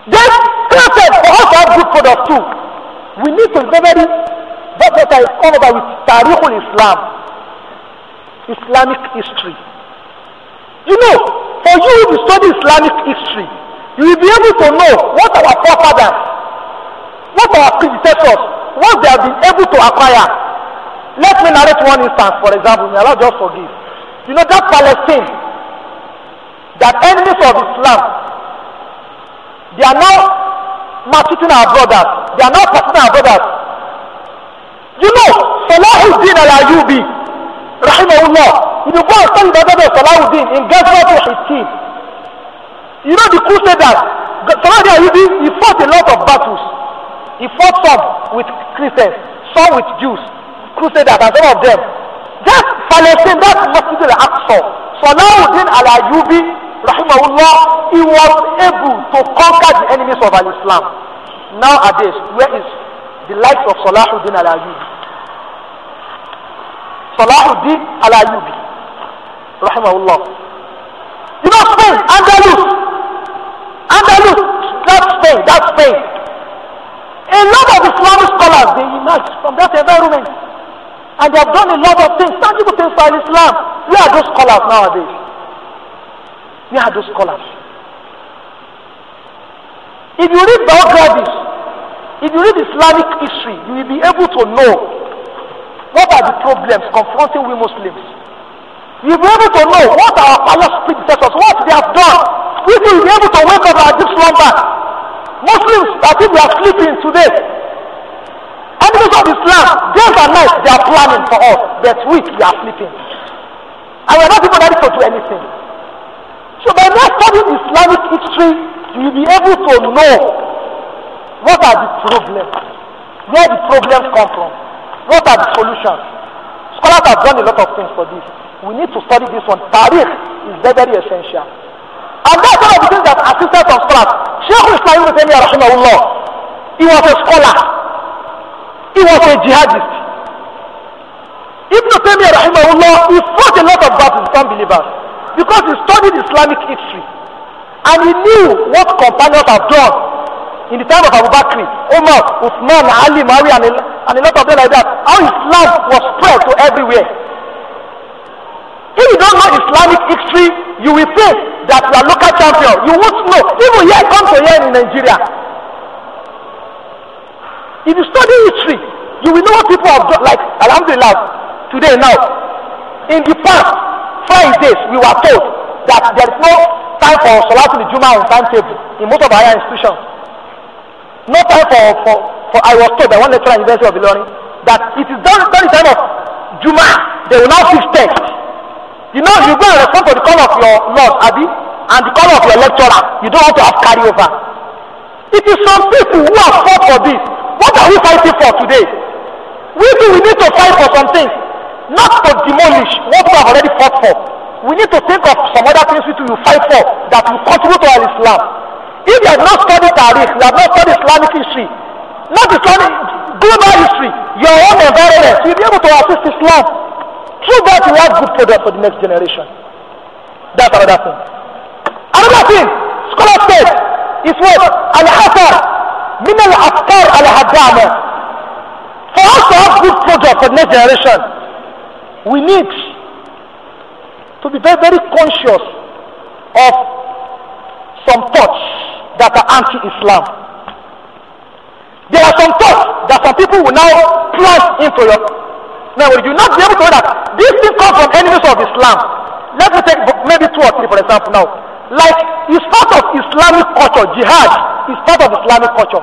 Then God said, for us to have good products too, we need to remember that's what I come about with Tariqul Islam, Islamic history. You know, for you to study Islamic history, you will be able to know what our forefathers, what our predecessors, what they have been able to acquire. Let me narrate one instance, for example, may Allah just forgive. You know that Palestine, that enemies of Islam They are now maltreating our brothers. They are now passing our brothers. You know, Salahuddin al Ayubi, Rahimahullah, if you go and study the brother of Salahuddin in Gaza, Gazrat his team. you know the crusaders, Salahuddin al he fought a lot of battles. He fought some with Christians, some with Jews, crusaders, and some of them. Just Palestine, that Masjid al Aqsa, Salahuddin al Ayubi, rahimahullah he was able to conquer the enemies of al-Islam nowadays where is the likes of Salahuddin al-Ayyubi Salahuddin al rahimahullah you know Spain Andalus Andalus That Spain that Spain a lot of Islamic scholars they emerge from that environment and they have done a lot of things tangible things for Islam where are those scholars nowadays They are those scholars. If you read biographies, if you read Islamic history, you will be able to know what are the problems confronting we Muslims. You will be able to know what our palace predecessors, what they have done. We will be able to wake up our deep slumber. Muslims, that think we are sleeping today. Enemies of Islam, days and nights, they are planning for us. But we, we are sleeping. And we are not even ready to do anything. So by now studying Islamic history, you will be able to know what are the problems, where the problems come from, what are the solutions. Scholars have done a lot of things for this. We need to study this one. Tariq is very, very essential. And that's one of the things that assisted some scholars. Sheikh Islam Ibn Rahimahullah, he was a scholar. He was a jihadist. Ibn Taymiyyah Rahimahullah, he fought a lot of battles with believers because he studied Islamic history and he knew what companions have done in the time of Abu Bakr, Omar, Uthman, Ali, Mari, and a, and a lot of them like that. How Islam was spread to everywhere. If you don't know Islamic history, you will think that you are local champion. You won't know. Even here, come to here in Nigeria. If you study history, you will know what people have done. Like Alhamdulillah, today now, in the past, Fridays we were told that there is no time for Salatul Juma on timetable in most of our higher institutions. No time for, for, for I was told by one lecturer at the University of Ilorin that it is during, during the time of Juma they will now fix text. You know, you go and respond to the call of your Lord, Abi, and the call of your lecturer. You don't want to have carryover. It is some people who have fought for this. What are we fighting for today? We do, we need to fight for some things not to demolish what we have already fought for. We need to think of some other things which will fight for that will contribute to our Islam. If you have not studied Tariq, you have not studied Islamic history, not Islamic global history, your own environment, you'll be able to assist Islam. Through that, you have good products for the next generation. That's another thing. Another thing, scholar said, is what? Al-Hasar, من al الهدامة. For us to have good products for the next generation, we need to be very, very conscious of some thoughts that are anti Islam. There are some thoughts that some people will now plant into your. Now, you will not be able to know that this thing come from enemies of Islam. Let me take maybe two or three, for example, now. Like, it's part of Islamic culture. Jihad is part of Islamic culture.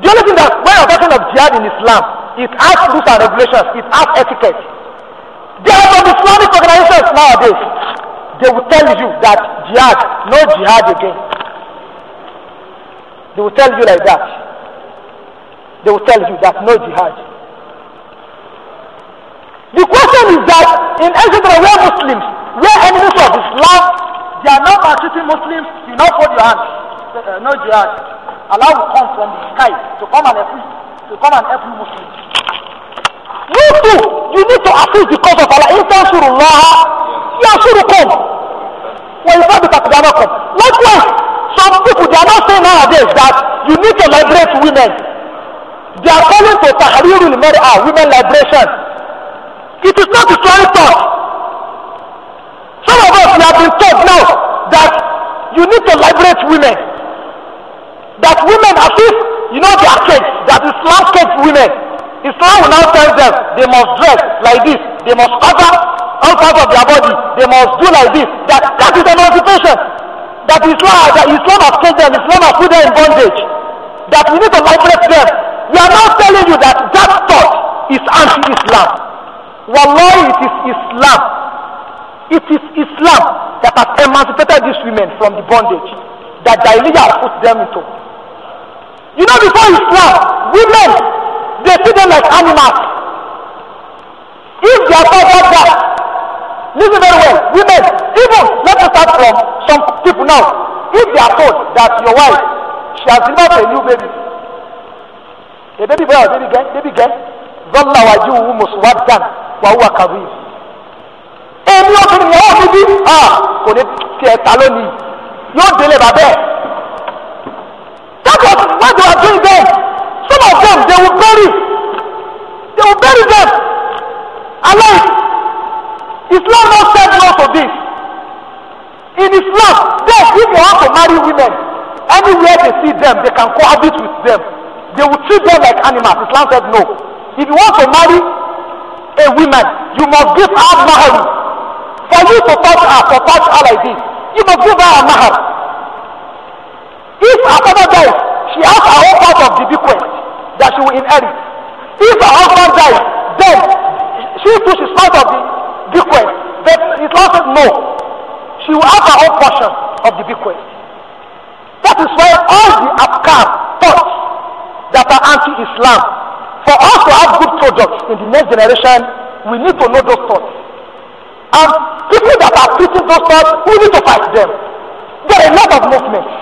The only thing that when you are talking of jihad in Islam, it has rules and regulations, it has etiquette. There are some Islamic organizations nowadays. They will tell you that jihad, no jihad again. They will tell you like that. They will tell you that no jihad. The question is that in Egypt where Muslims, where enemies of Islam, they are not maltreating Muslims, Do not put your hands. Uh, no jihad. Allah will come from the sky to come and help you, to come and help you Muslims. You too, you need to assist the cause of Allah. In tansurullah, yansurukum. Well, it's not the takdanakum. Likewise, some people, they are not saying nowadays that you need to liberate women. They are calling for tahrirul mar'a, women liberation. It is not the Islamic thought. Some of us, we have been taught now that you need to liberate women. That women, as if, you know, they are caged. That Islam caged women. Islam now tells them they must dress like this, they must cover all of their body, they must do like this. That, that is emancipation. That Islam, that Islam has killed them, Islam has put them in bondage. That we need to liberate them. We are now telling you that that thought is anti-Islam. Wallahi, it is Islam. It is Islam that has emancipated these women from the bondage that has put them into. You know, before Islam, women They treat them like animals. If their like dies, listen very well, women, even let me start from some people now. If they are told that your wife, she has delivered a new baby, a baby boy or baby girl, baby girl, ظل وجهه مسودا وهو كظيم. Èmi obìnrin ni wọ́n fi bí kò ní tiẹ̀ ta lónìí yóò délé bàbá ẹ̀. That was what they were doing then. Some of them, they will bury. They will bury them alive. Islam not said no to this. In Islam, yes, if you want to marry women, anywhere they see them, they can cohabit with them. They will treat them like animals. Islam said no. If you want to marry a woman, you must give her mahar. For you to touch her, to touch her like this, you must give her a mahar. If another dies, she has her own part of the bequest that she will inherit. If her husband dies, then she too she's part of the bequest. But Islam says no. She will have her own portion of the bequest. That is why all the Afghan thoughts that are anti-Islam, for us to have good products in the next generation, we need to know those thoughts. And people that are preaching those thoughts, we need to fight them. There are a lot of movements.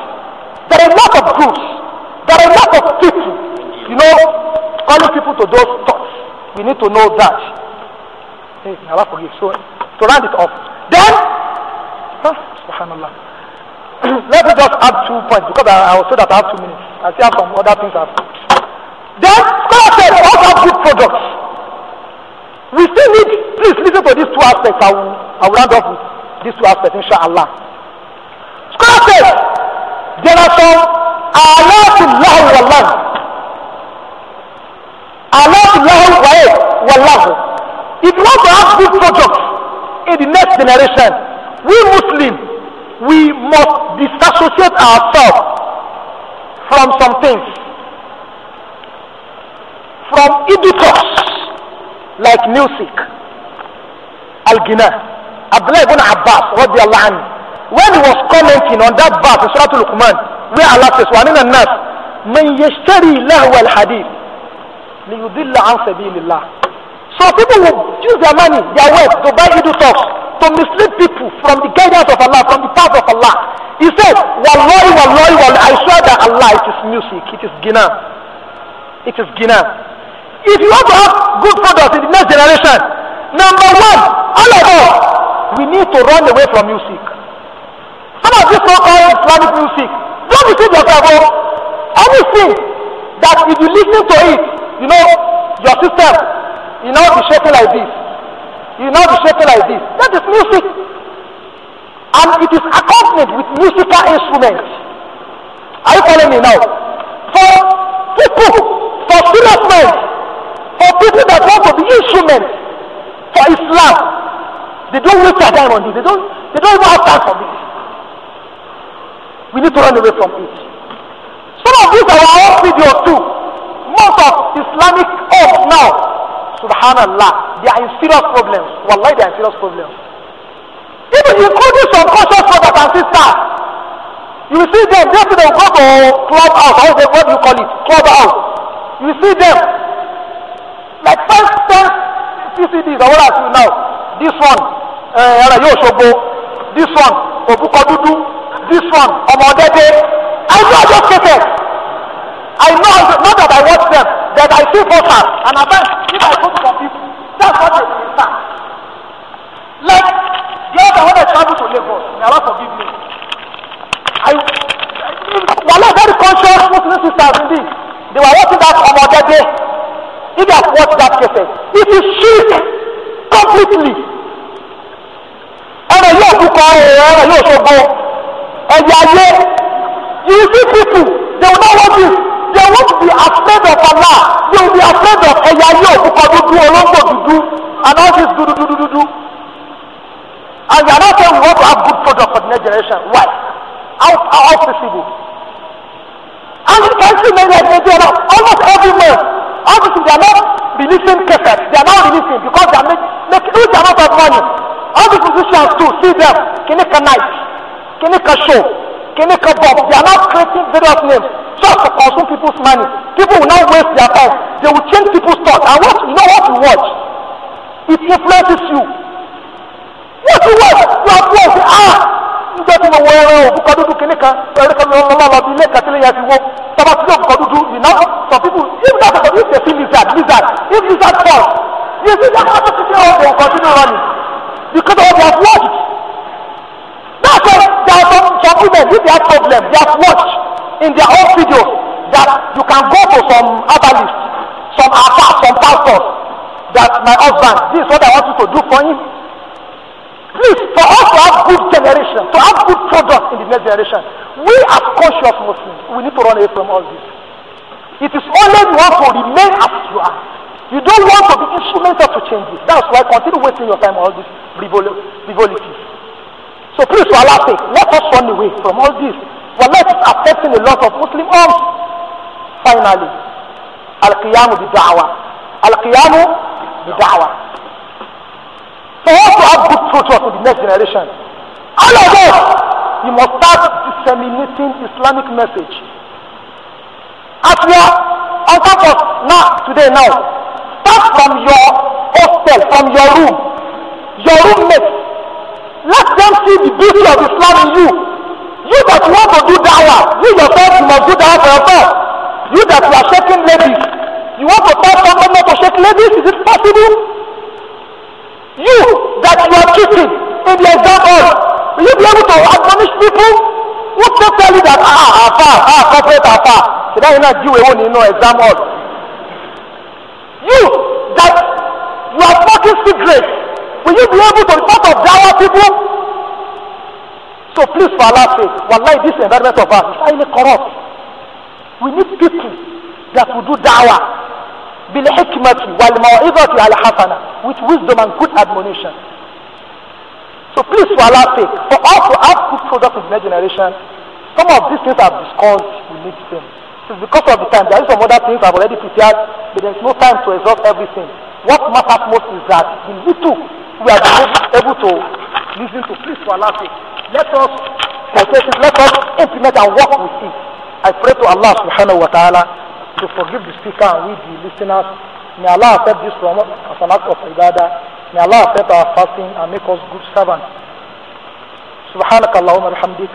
There are a lot of groups There are a lot of people, you know, calling people to those thoughts. We need to know that. Hey, Allah forgive. So, to round it off. Then, huh, subhanallah. Let me just add two points because I, I was told that I have two minutes. I still have some other things I've Then, scholars said "All also have good products. We still need, please listen to these two aspects. I will, I will round off with these two aspects, inshallah. Scholars said jonathan aláàtúláhù wàláhù aláàtúláhù wàyè wàláhù if you want to have good products in the next generation we muslims we must disassociate ourselves from some things from idiots like music algina abdullahi ibn abbas radiyallahu anhu when he was commenting on that verse in al Luqman where Allah says وَعَنِنَ النَّاسِ مَنْ يَشْتَرِي لَهْوَ الْحَدِيثِ لِيُضِلَّ عَنْ سَبِيلِ اللَّهِ So people will use their money, their wealth to buy idle talks, to mislead people from the guidance of Allah, from the path of Allah. He said, Wallahi, Wallahi, Wallahi, I swear that Allah, it is music, it is Gina. It is Gina. If you want to have good products in the next generation, number one, all of us, we need to run away from music some of these so-called Islamic music don't you deceive yourself o anything that if you lis ten to it you know your system you now be shaking like this you now be shaking like this that is music and it is accompanied with musical instruments are you following me now for people for serious men for people that want to be instruments for Islam they don't waste their time on this they don't they don't even have time for this. We need to run away from it. Some of these are our own videos too. Most of Islamic art now, subhanallah, they are in serious problems. Wallahi, they are in serious problems. Even including some conscious brothers and sisters. You will see them, they say they go to clubhouse, how they, what do you call it? club house. You see them, like five, ten CCDs or what have you now. This one, uh, This one, Obukodudu this one ọmọ ọdẹdẹ i know i just get it i know know that i watch them that i see voters and I find if i go to some people that's what they dey start like the other one, i travel to lagos May Allah forgive me. names i wala very conscious muslim sisters indeed they were watching that ọmọ ọdẹdẹ if you have watched that cassette it you shit completely ọ̀rọ̀ yóò dúkọ ọ̀rọ̀ yóò ṣogbó ẹ̀yà ayé you see people they will not want this they want to be afraid of Allah they will be afraid of ẹ̀yà ayé òkúkọ dúdú olóńgbò dúdú and all this dúdú dúdú dúdú and you are not saying we want to have good product for the next generation why Out how how feasible and you can see many of them now almost every month all they are not releasing cases they are not releasing because they are making make huge amount of money all these musicians too see them kìnnìkan night kini ka show kini ka bob they are now creating various names just to consume people's money people will now waste their time they will change people's thoughts and what you know what you watch it influences you what you watch you are blessed ah njẹ́ tí mo wọ ẹran òbúkọ dúdú kìíní kan ẹ̀rí kan lọ́wọ́ lọ́wọ́ bí ilé kẹtìlẹ̀ yẹn ti wọ́ tọ́ba tí yóò bùkọ dúdú you know some people if that person if they see lizard lizard if lizard fall you see that person still dey continue running because of their blood that's all there some, some women with their problem they have watched in their own videos that you can go to some herbalists some afa some pastors that my husband this is what I want you to do for him please for us to have good generation to have good products in the next generation we as conscious Muslims we need to run away from all this it is only you want to remain as you are you don't want to be instrumental to change this that's why continue wasting your time on all this frivolity So please, for Allah's let us run away from all this. Wallahi, it is affecting a lot of Muslim homes. Finally, Al-Qiyamu bi-da'wa. Al-Qiyamu bi-da'wa. For us to have good future to the next generation, all of us, we must start disseminating Islamic message. As we are on top of now, today now, start from your hostel, from your room, your roommate, Let them see the beauty of Islam in you. You that want to do dawah, you yourself you must do dawah for yourself. You that you are shaking ladies, you want to tell someone not to shake ladies? Is it possible? You that you are cheating in the exam hall, will you be able to admonish people? What they tell you that ah afa ah, ah, ah corporate afa, should I not do a one in no exam hall? You that you are smoking cigarettes. Will you be able to report of Dawa people? So please, for Allah's sake, wallahi, this environment of ours is highly corrupt. We need people that will do Dawa. بالحكمة al الحسنة with wisdom and good admonition. So please, for Allah's sake, for us to have good products in the next generation, some of these things I've discussed, we need them. It's because of the time. There are some other things I've already prepared, but there is no time to exhaust everything. What matters most is that the little we are able to listen to. Please, for Allah's sake, let us protect it. Let us implement and work with it. I pray to Allah subhanahu wa ta'ala to forgive the speaker and we the listeners. May Allah accept this from us as an act of ibadah. May Allah accept our fasting and make us good servants. سبحانك اللهم وبحمدك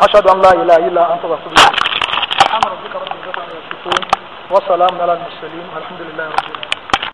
أشهد أن لا إله إلا أنت رسول الله سبحان ربك رب العزة عما يصفون وسلام على المرسلين والحمد لله رب العالمين